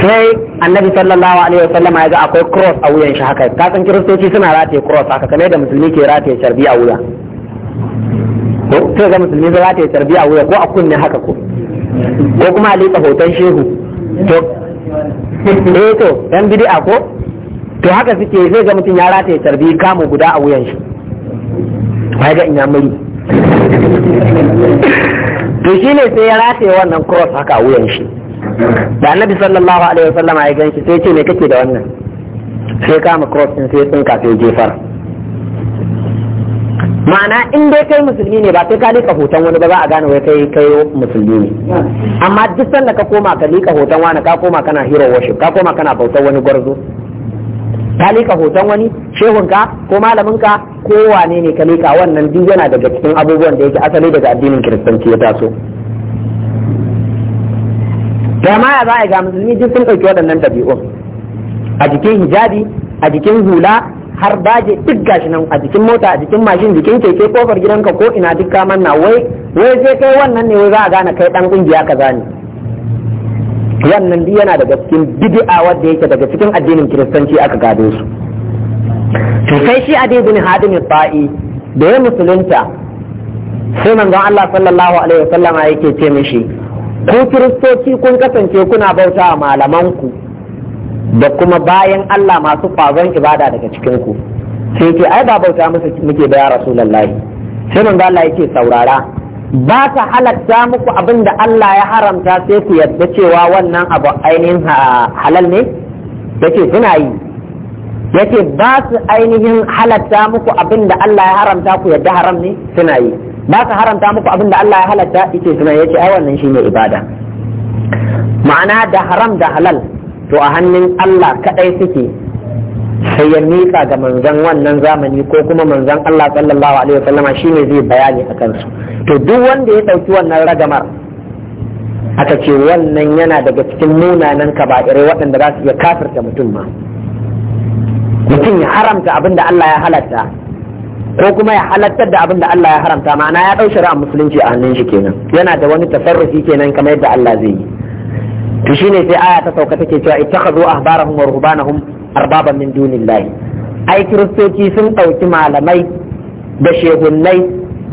sai annabi sallallahu alaihi wa sallama ya ga akwai cross a wuyan shi haka kasan kiristoci suna rataye cross haka kamar da musulmi ke rataye sharbi a wuya ko sai ga musulmi zai rataye sharbi a wuya ko a kunne haka ko ko kuma a lika hoton shehu to eh to yan bid'a ko to haka suke zai ga mutum ya rataye tarbi kamu guda a wuyan shi ba ga ina muri to shi ne sai ya rataye wannan cross haka a wuyan shi da annabi sallallahu alaihi wasallam ya ganshi sai ce me kake da wannan sai kama cross din sai tsinka sai jefar ma'ana in dai kai musulmi ne ba sai ka lika hoton wani ba za a gane wai kai kai musulmi ne amma duk sanda ka koma ka lika hoton wani ka koma kana hero worship ka koma kana bautar wani gwarzo ka lika hoton wani shehunka ko malaminka ko wane ne ka lika wannan duk yana daga cikin abubuwan da yake asali daga addinin kiristanci ya taso gama ya za a ga musulmi duk sun ɗauki waɗannan ɗabi'un a jikin hijabi a jikin hula har baje duk gashi nan a jikin mota a jikin mashin jikin keke kofar gidanka ko ina duk ka manna wai wai sai kai wannan ne wai za a gane kai dan kungiya ka zani wannan duk yana daga cikin bid'a wanda yake daga cikin addinin kiristanci aka gado su to sai shi adi bin hadim ta'i da ya musulunta sai manzon Allah sallallahu alaihi wasallam yake ce mishi ku kiristoci kun kasance kuna bauta malaman ku da kuma bayan Allah masu kwazon ibada daga cikin ku sai ce ai ba bauta musu muke da ya rasulullahi sai manzo Allah yake saurara ba ta halatta muku abin da Allah ya haramta sai ku yarda cewa wannan abu ainihin halal ne yake suna yi yake ba su ainihin halatta muku abin da Allah ya haramta ku yadda haram ne suna yi ba su haramta muku abin da Allah ya halatta yake suna yake ai wannan shine ibada ma'ana da haram da halal to a hannun Allah kaɗai suke sai ya miƙa ga manzan wannan zamani ko kuma manzan Allah sallallahu alaihi wasallama shine zai bayani a kansu to duk wanda ya ɗauki wannan ragamar aka ce wannan yana daga cikin munanan kaba'ire waɗanda za su iya kafirta mutum ma mutum ya haramta abin da Allah ya halatta ko kuma ya halattar da abin da Allah ya haramta ma'ana ya ɗau shari'a musulunci a hannun shi kenan yana da wani tasarrufi kenan kamar yadda Allah zai yi to shine sai aya ta sauka take cewa ittakhadhu ahbarahum wa ruhbanahum arbaban min dunillahi ai kiristoci sun ɗauki malamai da shehunnai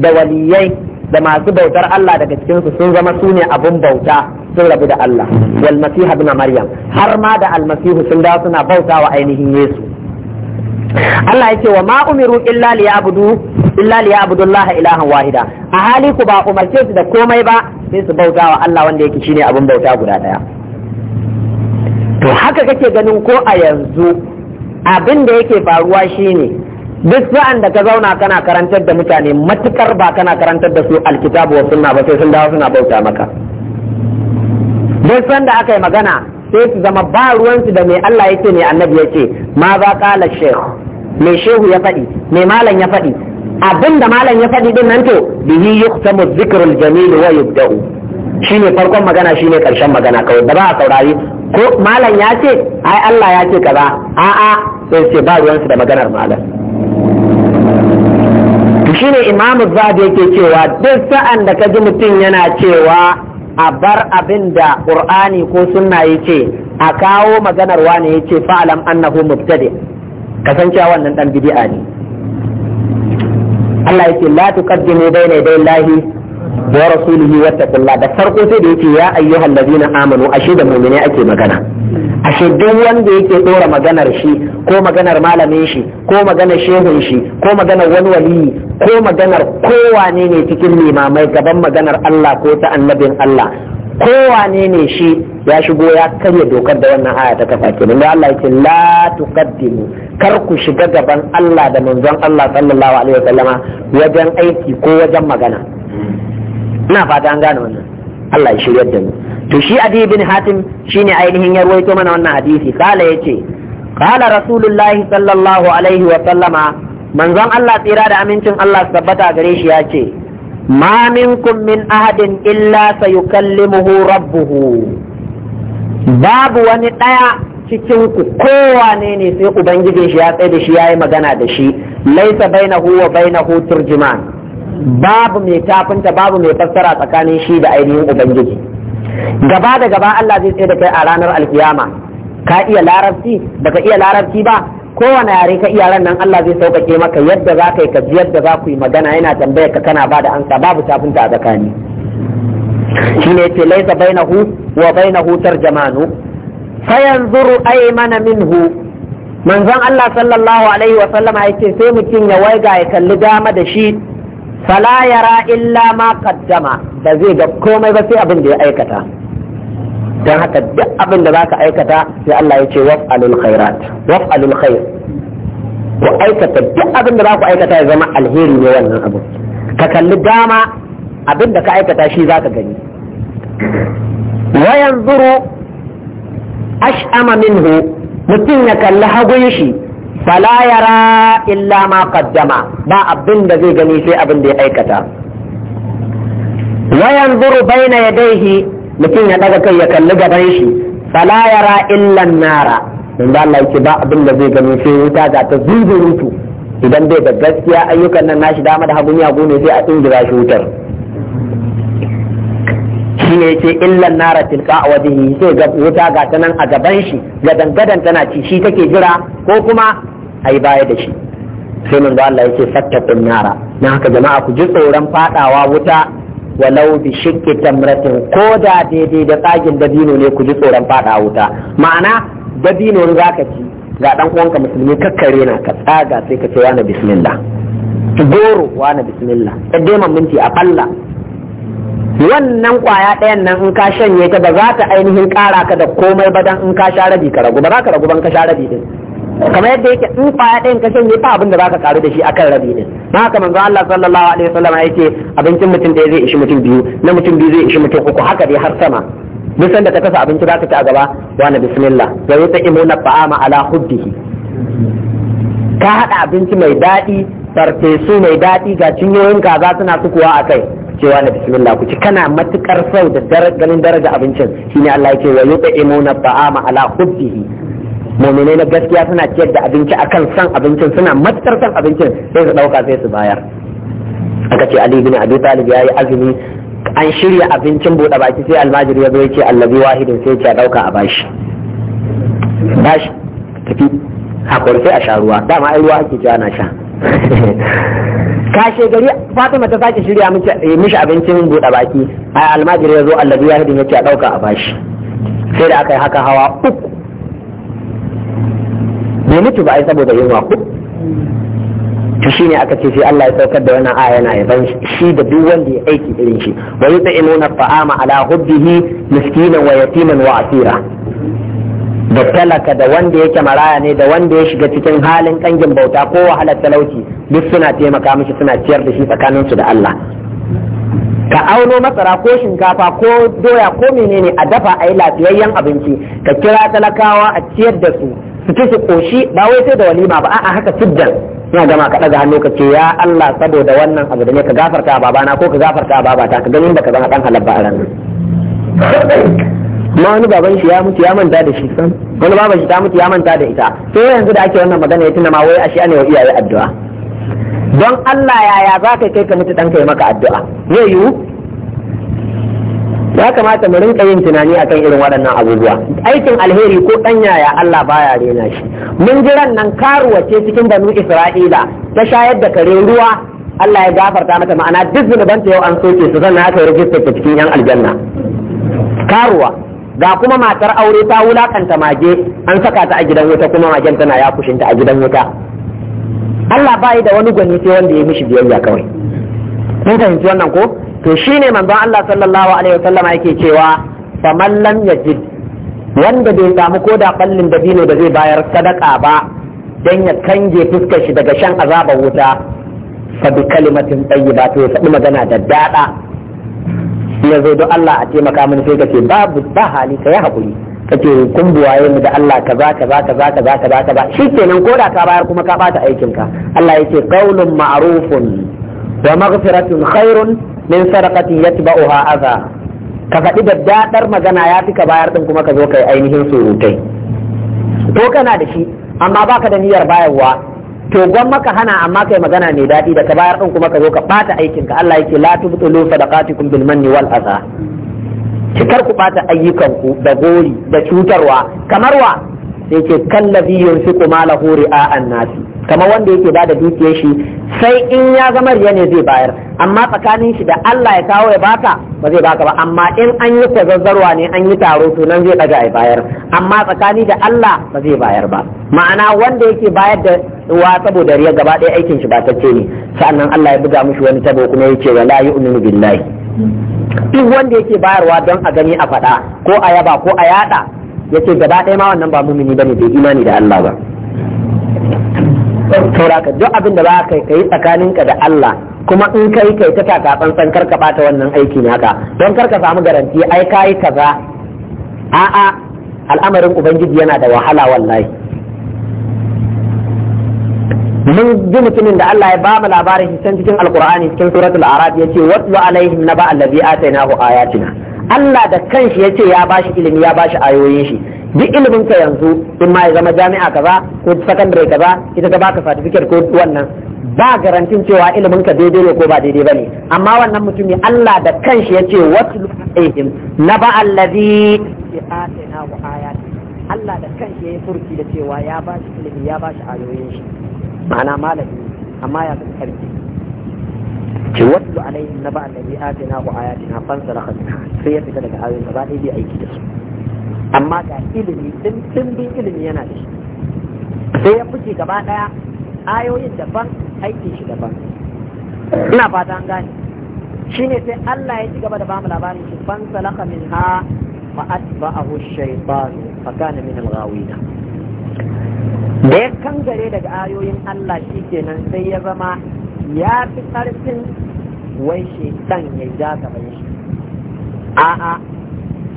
da waliyai da masu bautar Allah daga cikinsu sun zama su ne abin bauta sun rabu da Allah wal masiha maryam har ma da almasihu sun dawo suna bautawa ainihin Yesu Allah yake wa ma umiru illa liya'budu illa liya'budu Allah ilahan wahida a hali ku ba umarce su da komai ba sai su bauta wa Allah wanda yake shine abun bauta guda daya to haka kake ganin ko a yanzu abin da yake faruwa shine duk sa'an da ka zauna kana karantar da mutane matukar ba kana karantar da su alkitabu wa sunna ba sai sun dawo suna bauta maka duk da aka yi magana sai su zama ba ruwansu da mai Allah ya ce mai annabi ya ce, ma za kala shehu mai shehu ya faɗi mai malam ya faɗi abin da malam ya faɗi din nan to bihi yuqtamu dhikrul jamil wa yubda'u shine farkon magana shine karshen magana kawai da ba a saurari ko malam ya ce ai Allah ya ce kaza a'a sai ce ba ruwansu da maganar malam to shine imamu zabi yake cewa duk sa'an da kaji mutum yana cewa a bar abin da qur'ani ko sunna yace a kawo maganar wani yace fa'alam annahu mubtadi kasancewa wannan dan bid'a ne Allah yake la tuqaddimu bayna yaday wa rasulihi kula da farko sai da yake ya ayyuhal ladina amanu ashe da muminai ake magana ashe duk wanda yake dora maganar shi ko maganar malamin shi ko maganar shehun shi ko maganar wani waliyi ko maganar kowane ne cikin limamai gaban maganar Allah ko ta annabin Allah kowane ne shi ya shigo ya karya dokar da wannan aya ta kafa kenan da Allah yake la tuqaddimu kar ku shiga gaban Allah da manzon Allah sallallahu alaihi wasallama wajen aiki ko wajen magana ina fata an wannan Allah ya shiryar yadda mu to shi adi bin hatim shine ainihin yarwaito mana wannan hadisi kala ce, kala rasulullahi sallallahu alaihi wa sallama manzan Allah tsira da amincin Allah tabbata gare shi ya ce ma minkum min ahadin illa sayukallimuhu rabbuhu babu wani daya cikinku ku kowane ne sai ubangijin shi ya tsaida shi ya yi magana da shi laisa bainahu wa bainahu turjuman babu mai tafinta babu mai fassara tsakanin shi da ainihin ubangiji gaba da gaba Allah zai tsaye da kai a ranar alkiyama ka iya larabci baka iya larabci ba kowane yare ka iya ran nan Allah zai sauƙaƙe maka yadda za ka yi ka yadda za ku yi magana yana tambayar ka kana bada ansa babu tafinta a tsakani shi ne ce laisa bainahu wa bainahu tarjamanu fayanzuru aymana minhu manzon Allah sallallahu alaihi wa sallama yake sai mutum ya waiga ya kalli dama da shi fala yara illa ma kaddama, da zai ga komai ba sai abin da ya aikata don haka duk abin da zaka aikata sai Allah ya ce waf'alul khairat waf'alul khair ku aikata duk abin da zaku aikata ya zama alheri ne wannan abu ka kalli dama abin da ka aikata shi zaka gani wa yanzuru ash'ama minhu mutum ya kalli hagun shi fala yara illa ma qaddama ba abin da zai gani sai abin da ya aikata wa yanzuru baina yadayhi mutum ya daga kai ya kalli gaban shi fala yara illa nara dan da Allah yake ba abin da zai gani sai wuta za ta zuzurutu idan bai da gaskiya ayyukan nan nashi dama da hagu a ne sai a tsingira shi wutar shi ne ce illan nara tilka a wajen yi sai ga wuta ga ta nan a gaban shi gadan gadan tana ci shi take jira ko kuma a yi baya da shi sai manzo Allah ya ce fattakun nara na haka jama'a ku ji tsoron fadawa wuta walau bi shikki tamratin ko da daidai da tsagin dabino ne ku ji tsoron fadawa wuta ma'ana dabino ne zaka ci ga dan uwanka musulmi kakkare na ka tsaga sai ka ce wa na bismillah goro wa na bismillah kaddai dai minti akalla wannan kwaya ɗayan nan in ka shanye ta ba za ta ainihin ƙara ka da komai ba dan in ka sha rabi ka ragu ba za ka ragu ban ka sha rabi din kamar yadda yake in kwaya ɗayan ka shanye ba abin da za ka karu da shi akan rabi din na haka manzo Allah sallallahu alaihi wasallam yake abincin mutum ɗaya zai ishi mutum biyu na mutum biyu zai ishi mutum uku haka dai har sama duk da ka kasa abinci za ka ci a gaba wa na bismillah wa yut'imuna ta'ama ala hubbihi ka haɗa abinci mai daɗi farfesu mai daɗi ga cinyoyin kaza suna sukuwa a kai cewa na bismillah ku ci kana matukar sau da ganin daraja abincin shine Allah yake wa imuna ta'ama ala khubbihi mu'minai na gaskiya suna ciyar da abinci akan san abincin suna matukar san abincin sai su dauka sai su bayar aka ce Ali bin Abi Talib yayi azumi an shirya abincin bude baki sai almajiri ya zo yace allazi wahidin sai ya dauka a bashi bashi tafi hakuri sai a sha ruwa dama ai ruwa ake jana na sha kashe gari fatima ta sake shirya mishi eh, abincin buɗe baki a almajiri ya zo allabi ya hidin yake a ɗauka a bashi sai da aka yi haka hawa uku ne mutu ba yi saboda yunwa ku to ne aka ce sai Allah ya saukar da wannan aya yana yaban shi da duk wanda ya aiki irin shi wa yut'imuna ta'ama ala hubbihi miskinan wa yatiman wa asira da talaka da wanda yake maraya ne da wanda ya shiga cikin halin kangin bauta ko wahalar talauci duk suna taimaka mishi suna ciyar da shi tsakanin su da Allah ka auno masara ko shinkafa ko doya ko menene a dafa a yi lafiyayyen abinci ka kira talakawa a ciyar da su su ci su koshi ba wai sai da walima ba a'a haka siddan ina gama ka ɗaga hannu ka ce ya Allah saboda wannan abu da ne ka gafarta babana ko ka gafarta babata ka ganin da ka zama ɗan halabba a ranar ma wani baban shi ya mutu ya manta da shi wani baban shi ta mutu ya manta da ita to yanzu da ake wannan magana ya tuna ma wai ashe ne wa addu'a don Allah yaya za ka kai ka mutu ɗanka ya maka addu'a zai yiwu ya kamata mu rinka yin tunani akan irin waɗannan abubuwa aikin alheri ko ɗan yaya Allah baya rena shi mun jiran nan karuwa ce cikin banu Isra'ila ta shayar da kare ruwa Allah ya gafarta mata ma'ana duk zunubanta yau an soke su sannan aka yi rajista ta cikin yan aljanna karuwa ga kuma matar aure ta wulakanta mage an saka ta a gidan wuta kuma magen tana ya kushinta a gidan wuta Allah bai da wani gwani sai wanda ya mishi biyayya kawai kun fahimci wannan ko to shine manzon Allah sallallahu alaihi wasallam yake cewa faman lam yajid wanda bai samu ko da kallin dabino da zai bayar sadaka ba dan ya kange fuskar shi daga shan azabar wuta fa bi kalimatin tayyibatu to ya faɗi magana da dada ya zo don Allah a taimaka mini sai kace babu ba hali kai hakuri kace kun buwaye mu da Allah kaza kaza kaza kaza kaza kaza shikenan ko da ka bayar kuma ka bata aikin ka Allah yace qaulun ma'rufun wa maghfiratun khairun min sadaqatin yatba'uha adha ka faɗi da dadar magana ya fi ka bayar din kuma ka zo kai ainihin surutai ko kana da shi amma baka da niyyar bayarwa to gwan maka hana amma kai magana mai daɗi da ka bayar ɗin kuma ka zo ka ɓata aikin ka Allah yake la lu sadaqatikum bil manni wal adha kar ku ɓata ayyukan ku da gori da cutarwa kamar wa yake kallabi kallazi yunfiqu malahu ri'a an-nasi kamar wanda yake bada dukiyar shi sai in ya zama riya ne zai bayar amma tsakanin shi da Allah ya kawo ya baka ba zai baka ba amma in an yi tazazzarwa ne an yi taro to nan zai daga ya bayar amma tsakani da Allah ba zai bayar ba ma'ana wanda yake bayar da wa saboda riya gaba ɗaya aikin shi ba ta ce ne sa'annan Allah ya buga mushi wani tabo kuma ya ce wala yu'minu billahi duk wanda yake bayarwa don a gani a faɗa ko a yaba ko a yada yace gaba ɗaya ma wannan ba mumini bane bai imani da Allah ba sauraka duk abin da ba ka yi tsakaninka da Allah kuma in kai kai ta kakatsan san karka bata wannan aiki naka don karka samu garanti ai kai kaza a'a al'amarin ubangiji yana da wahala wallahi mun ji mutumin da Allah ya ba mu labarin shi cikin alqur'ani cikin suratul araf yace watlu alaihim naba allazi atainahu ayatina Allah da kanshi ya ce ya bashi ilimi ya bashi ayoyin shi duk ilimin ka yanzu in ma ya zama jami'a kaza ko sakandare kaza ita ta baka certificate ko wannan ba garantin cewa ilimin ka daidai ne ko ba daidai bane amma wannan mutumi Allah da kanshi ya ce yace watul alaihim naba allazi wa ayat Allah da kanshi yayi furki da cewa ya bashi ilimi ya bashi ayoyin shi ma'ana malami amma ya san karfi ki wattu na naba allazi atina wa ayatina fansalakha minha sai ya fita daga ayoyin ba ɗaya bai aiki da su amma ga ilimi din dimbin ilimi yana da shi sai ya fice gaba ɗaya ayoyin daban aiki shi daban ina fata an gane shine sai Allah ya ci gaba da bamu labarin shi fansalakha minha fa atba'ahu ash-shaytan fa kana min al-ghawina da ya kangare daga ayoyin Allah shi kenan sai ya zama ya fi ƙarfin wai shekan ya ja gaban shi a'a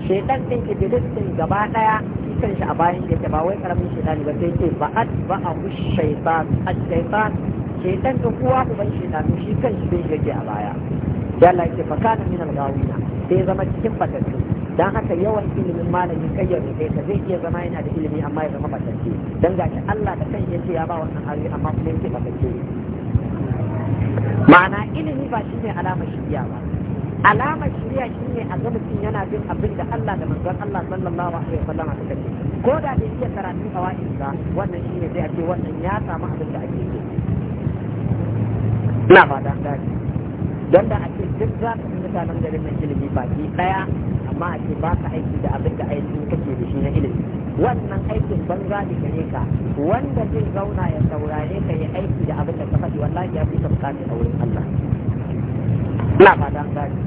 shekan ɗin iblis ɗin gaba ɗaya shi a bayan yake ba wai ƙaramin shekan ba sai ce ba a ba a ku shekan a shaitan shaitan ɗin kowa uban kan shi zai bai a baya ya ke ba fa kana min al sai zama cikin fatattu dan haka yawan ilimin malamin kai ya zai iya zama yana da ilimi amma ya zama don dan gashi Allah da kan yace ya ba wannan hali amma kuma yake fatattu ma'ana ilimi ba shi ne alamar shirya ba alamar shirya shi ne a mutum yana bin abin da Allah da manzon Allah sallallahu alaihi wasallam a suka ce ko da da iya karatu a wa'in ba wannan shi ne sai a ce wannan ya samu abin da ake yi na ba dan dadi don da ake duk za ka yi mutanen garin nan ilimi ke daya amma ake ba ka aiki da abin da aiki kake da shi na ilimi wannan aikin banza da gare ka wanda zai zauna ya saurare ka ya aiki da abin da ka faɗi wallahi ya fi ka bukatu a wurin Allah ina fatan gani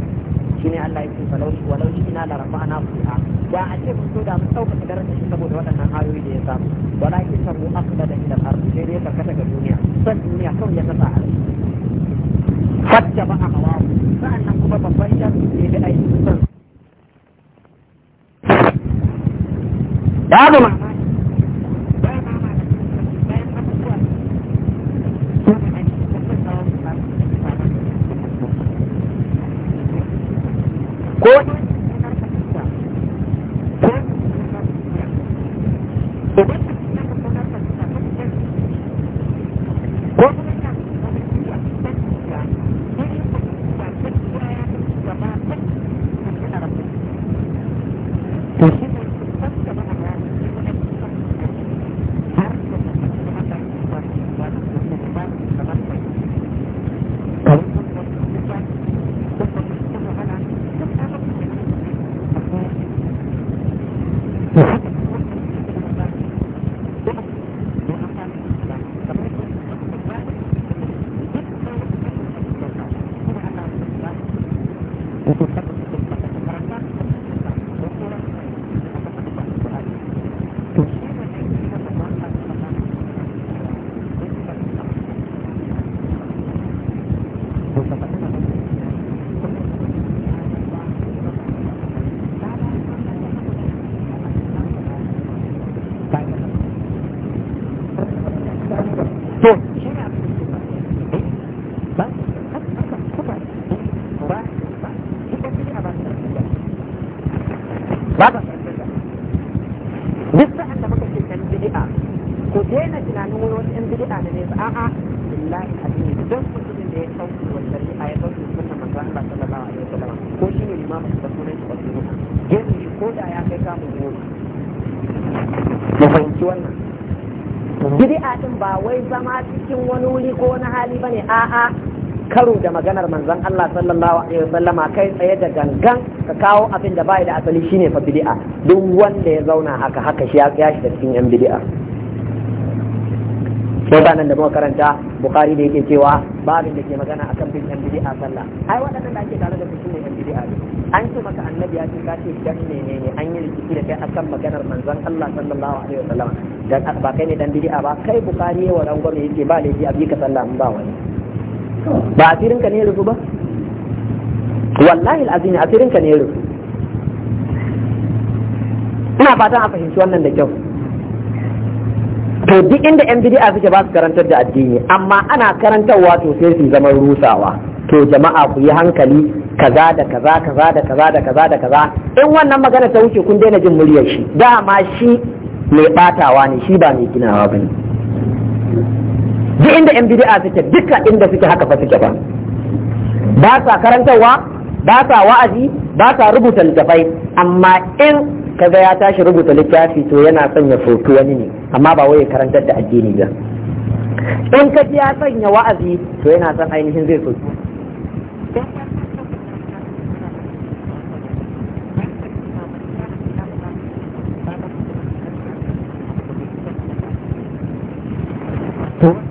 ne Allah ya ce falau Wa shi ina da ana fiha da a ce mun so da mun ɗaukaka daraja shi saboda waɗannan ayoyi da ya samu ke sabo akla da ila al-ardh sai dai kasa ga duniya san duniya kawai ya kasa a rai fatta ba a hawa sa'annan kuma babban ya ne da aiki ya ba to wa'azi bane a'a karu da maganar manzon Allah sallallahu alaihi wasallama kai tsaye da gangan ka kawo abin da bai da asali shine fa bid'a duk wanda ya zauna haka haka shi ya shi da cikin yan bid'a sai nan da muka karanta bukhari da yake cewa babin da ke magana akan bin yan bid'a sallah ai waɗannan da ake tare da su shine yan bid'a ne an ce maka annabi ya ce ka ce dan menene an yi rikici da kai akan maganar manzon Allah sallallahu alaihi wasallam dan ba kai ne dan bid'a ba kai bukari wa rangwame yake ba laifi a bi ka sallah mun ba wani ba asirin ka ne rufu ba wallahi alazim asirin ka ne rufu ina fatan a fahimci wannan da kyau to duk inda yan bid'a suke ba su karantar da addini amma ana karantarwa to sai su zama rusawa to jama'a ku yi hankali kaza da kaza kaza da kaza da kaza da kaza in wannan magana ta wuce kun daina jin muryar shi dama shi mai batawa ne shi ba mai ginawa ba ne duk inda yan bid'a suke duka inda suke haka fa suke ba ba sa karantarwa ba sa wa'azi ba sa rubuta littafai amma in kaga ya tashi rubuta littafi to yana sanya foto wani ne amma ba wai karantar da addini ba in ka ya sanya wa'azi to yana san ainihin zai so to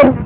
said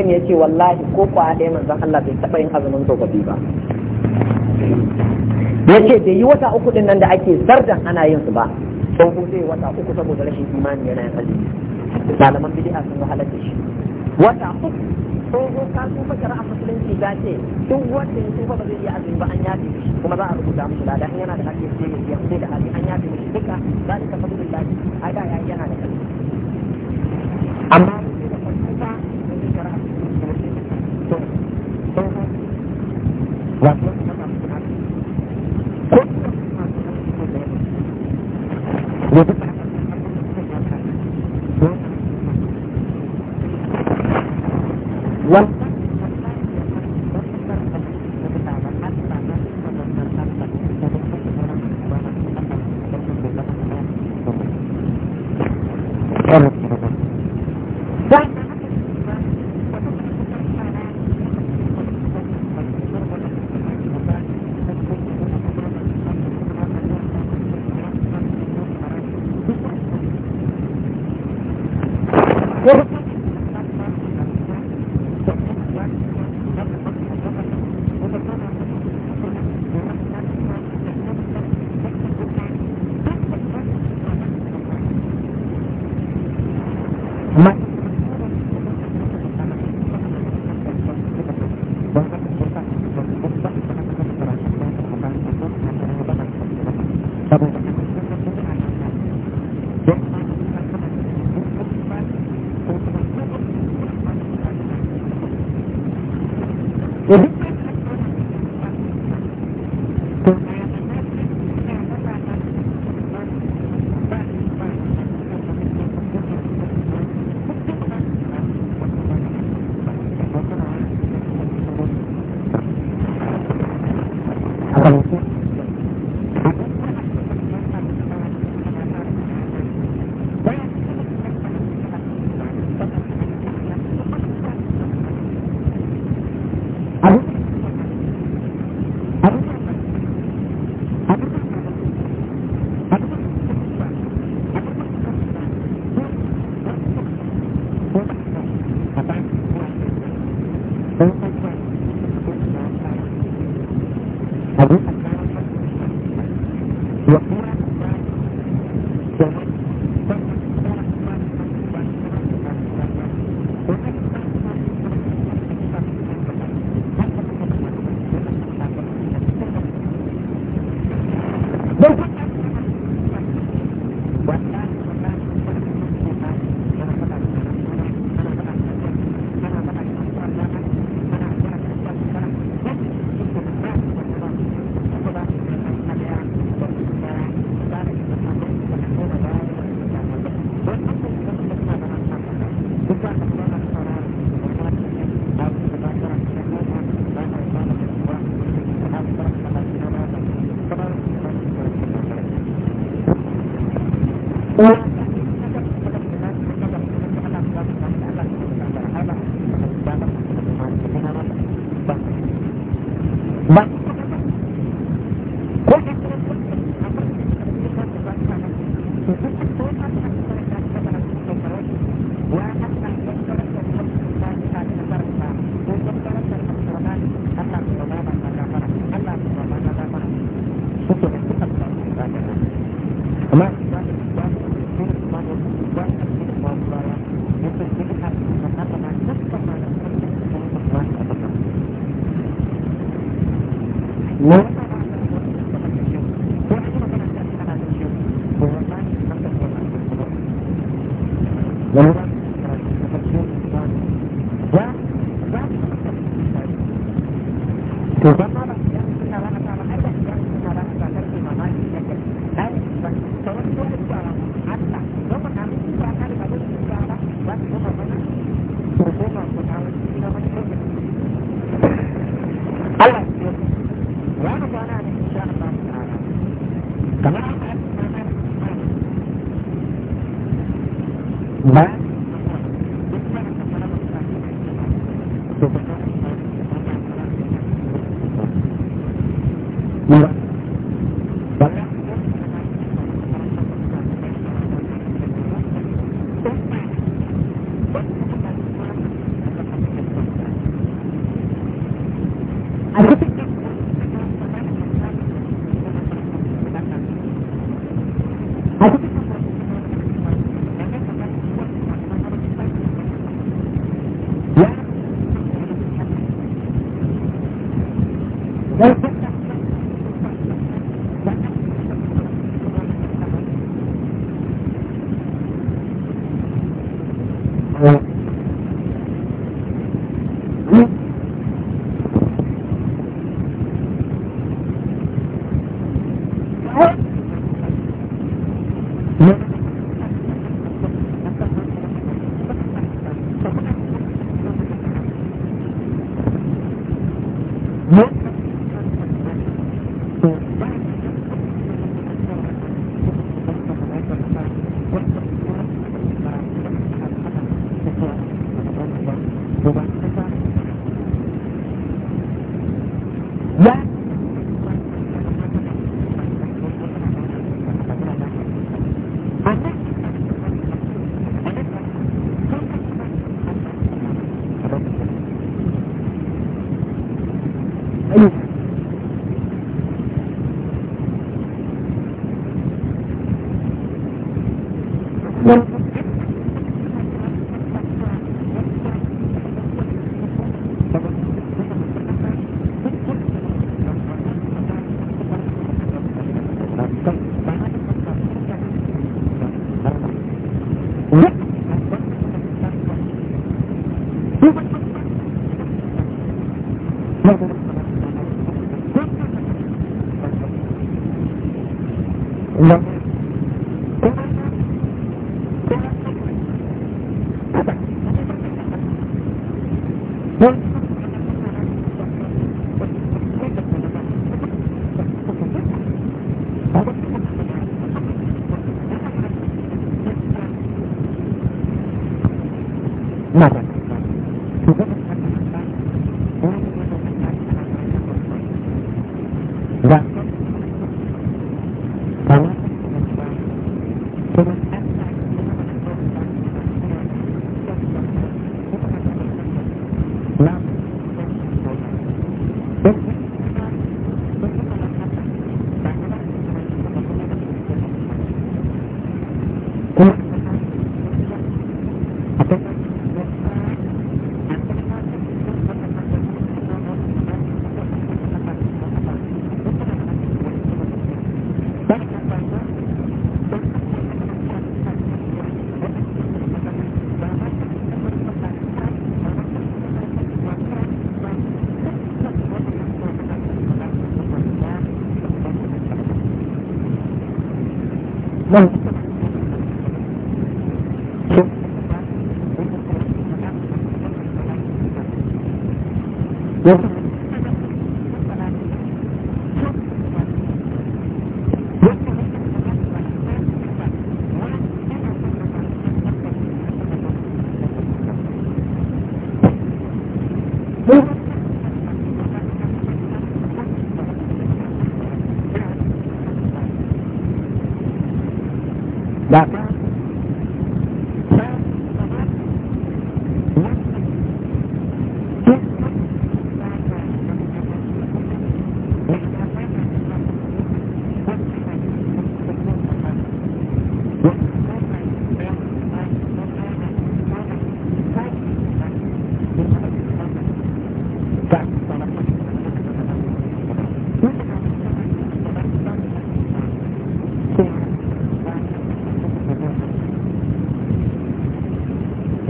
Salim ya ce wallahi ko kwa ɗaya zan Allah bai taɓa yin azumin tsofaffi ba ya ce bai yi wata uku din nan da ake sardan ana yin su ba ko zai wata uku saboda rashin imani yana yin azumi malaman bid'a sun wahalar shi wata uku ko ka fa shari'a musulunci ta ce duk wanda ya tuba ba zai iya azumi ba an yafe shi kuma za a rubuta musu lada in yana da hakki sai ya biya sai da hali an yafe mishi duka za ka fadu da ai da yana da kalli amma No?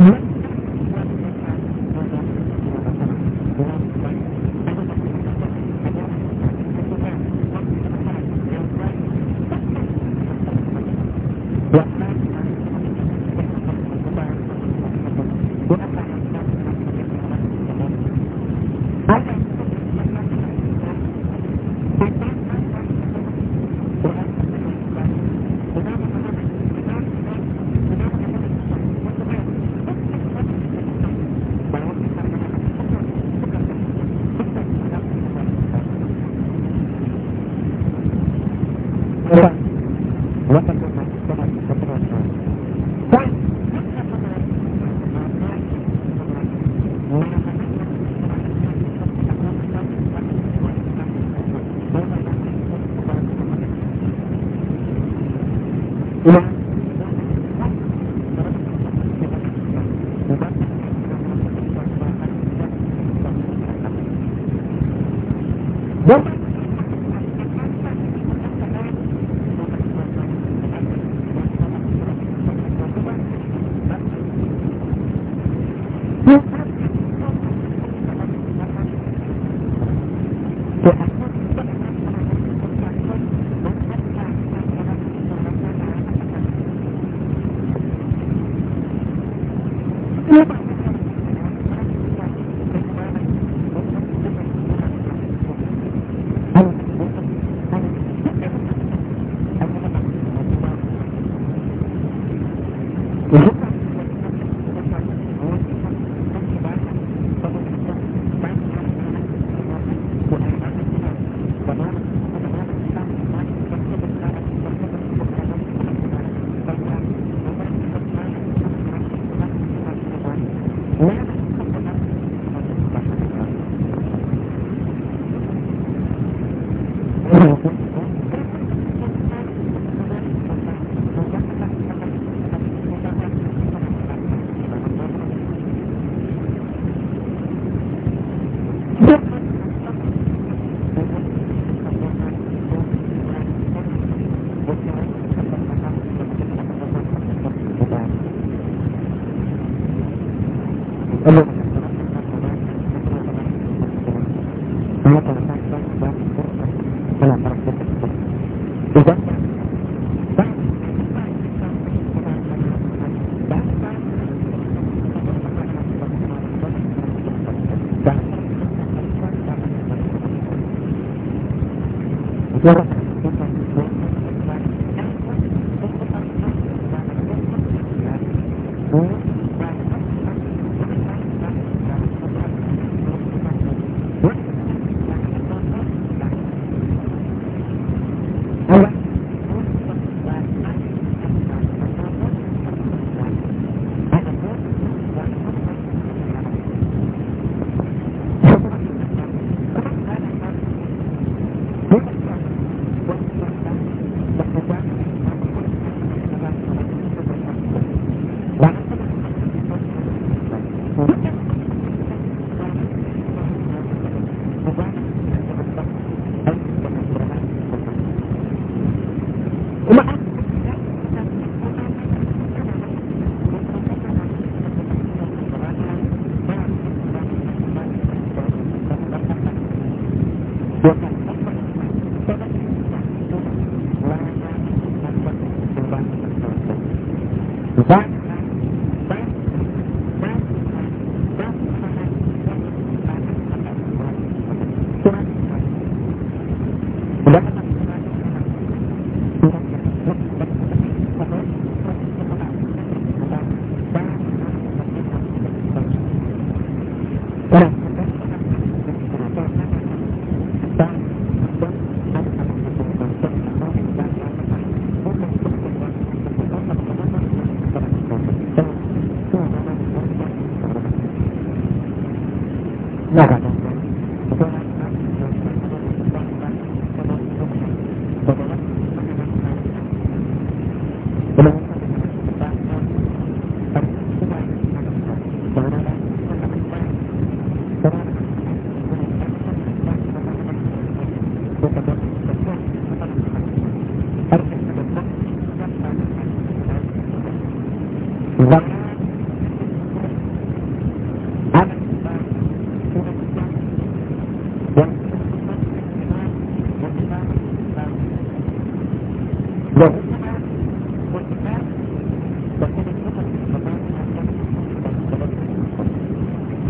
Hmm? tana farko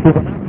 Thank you.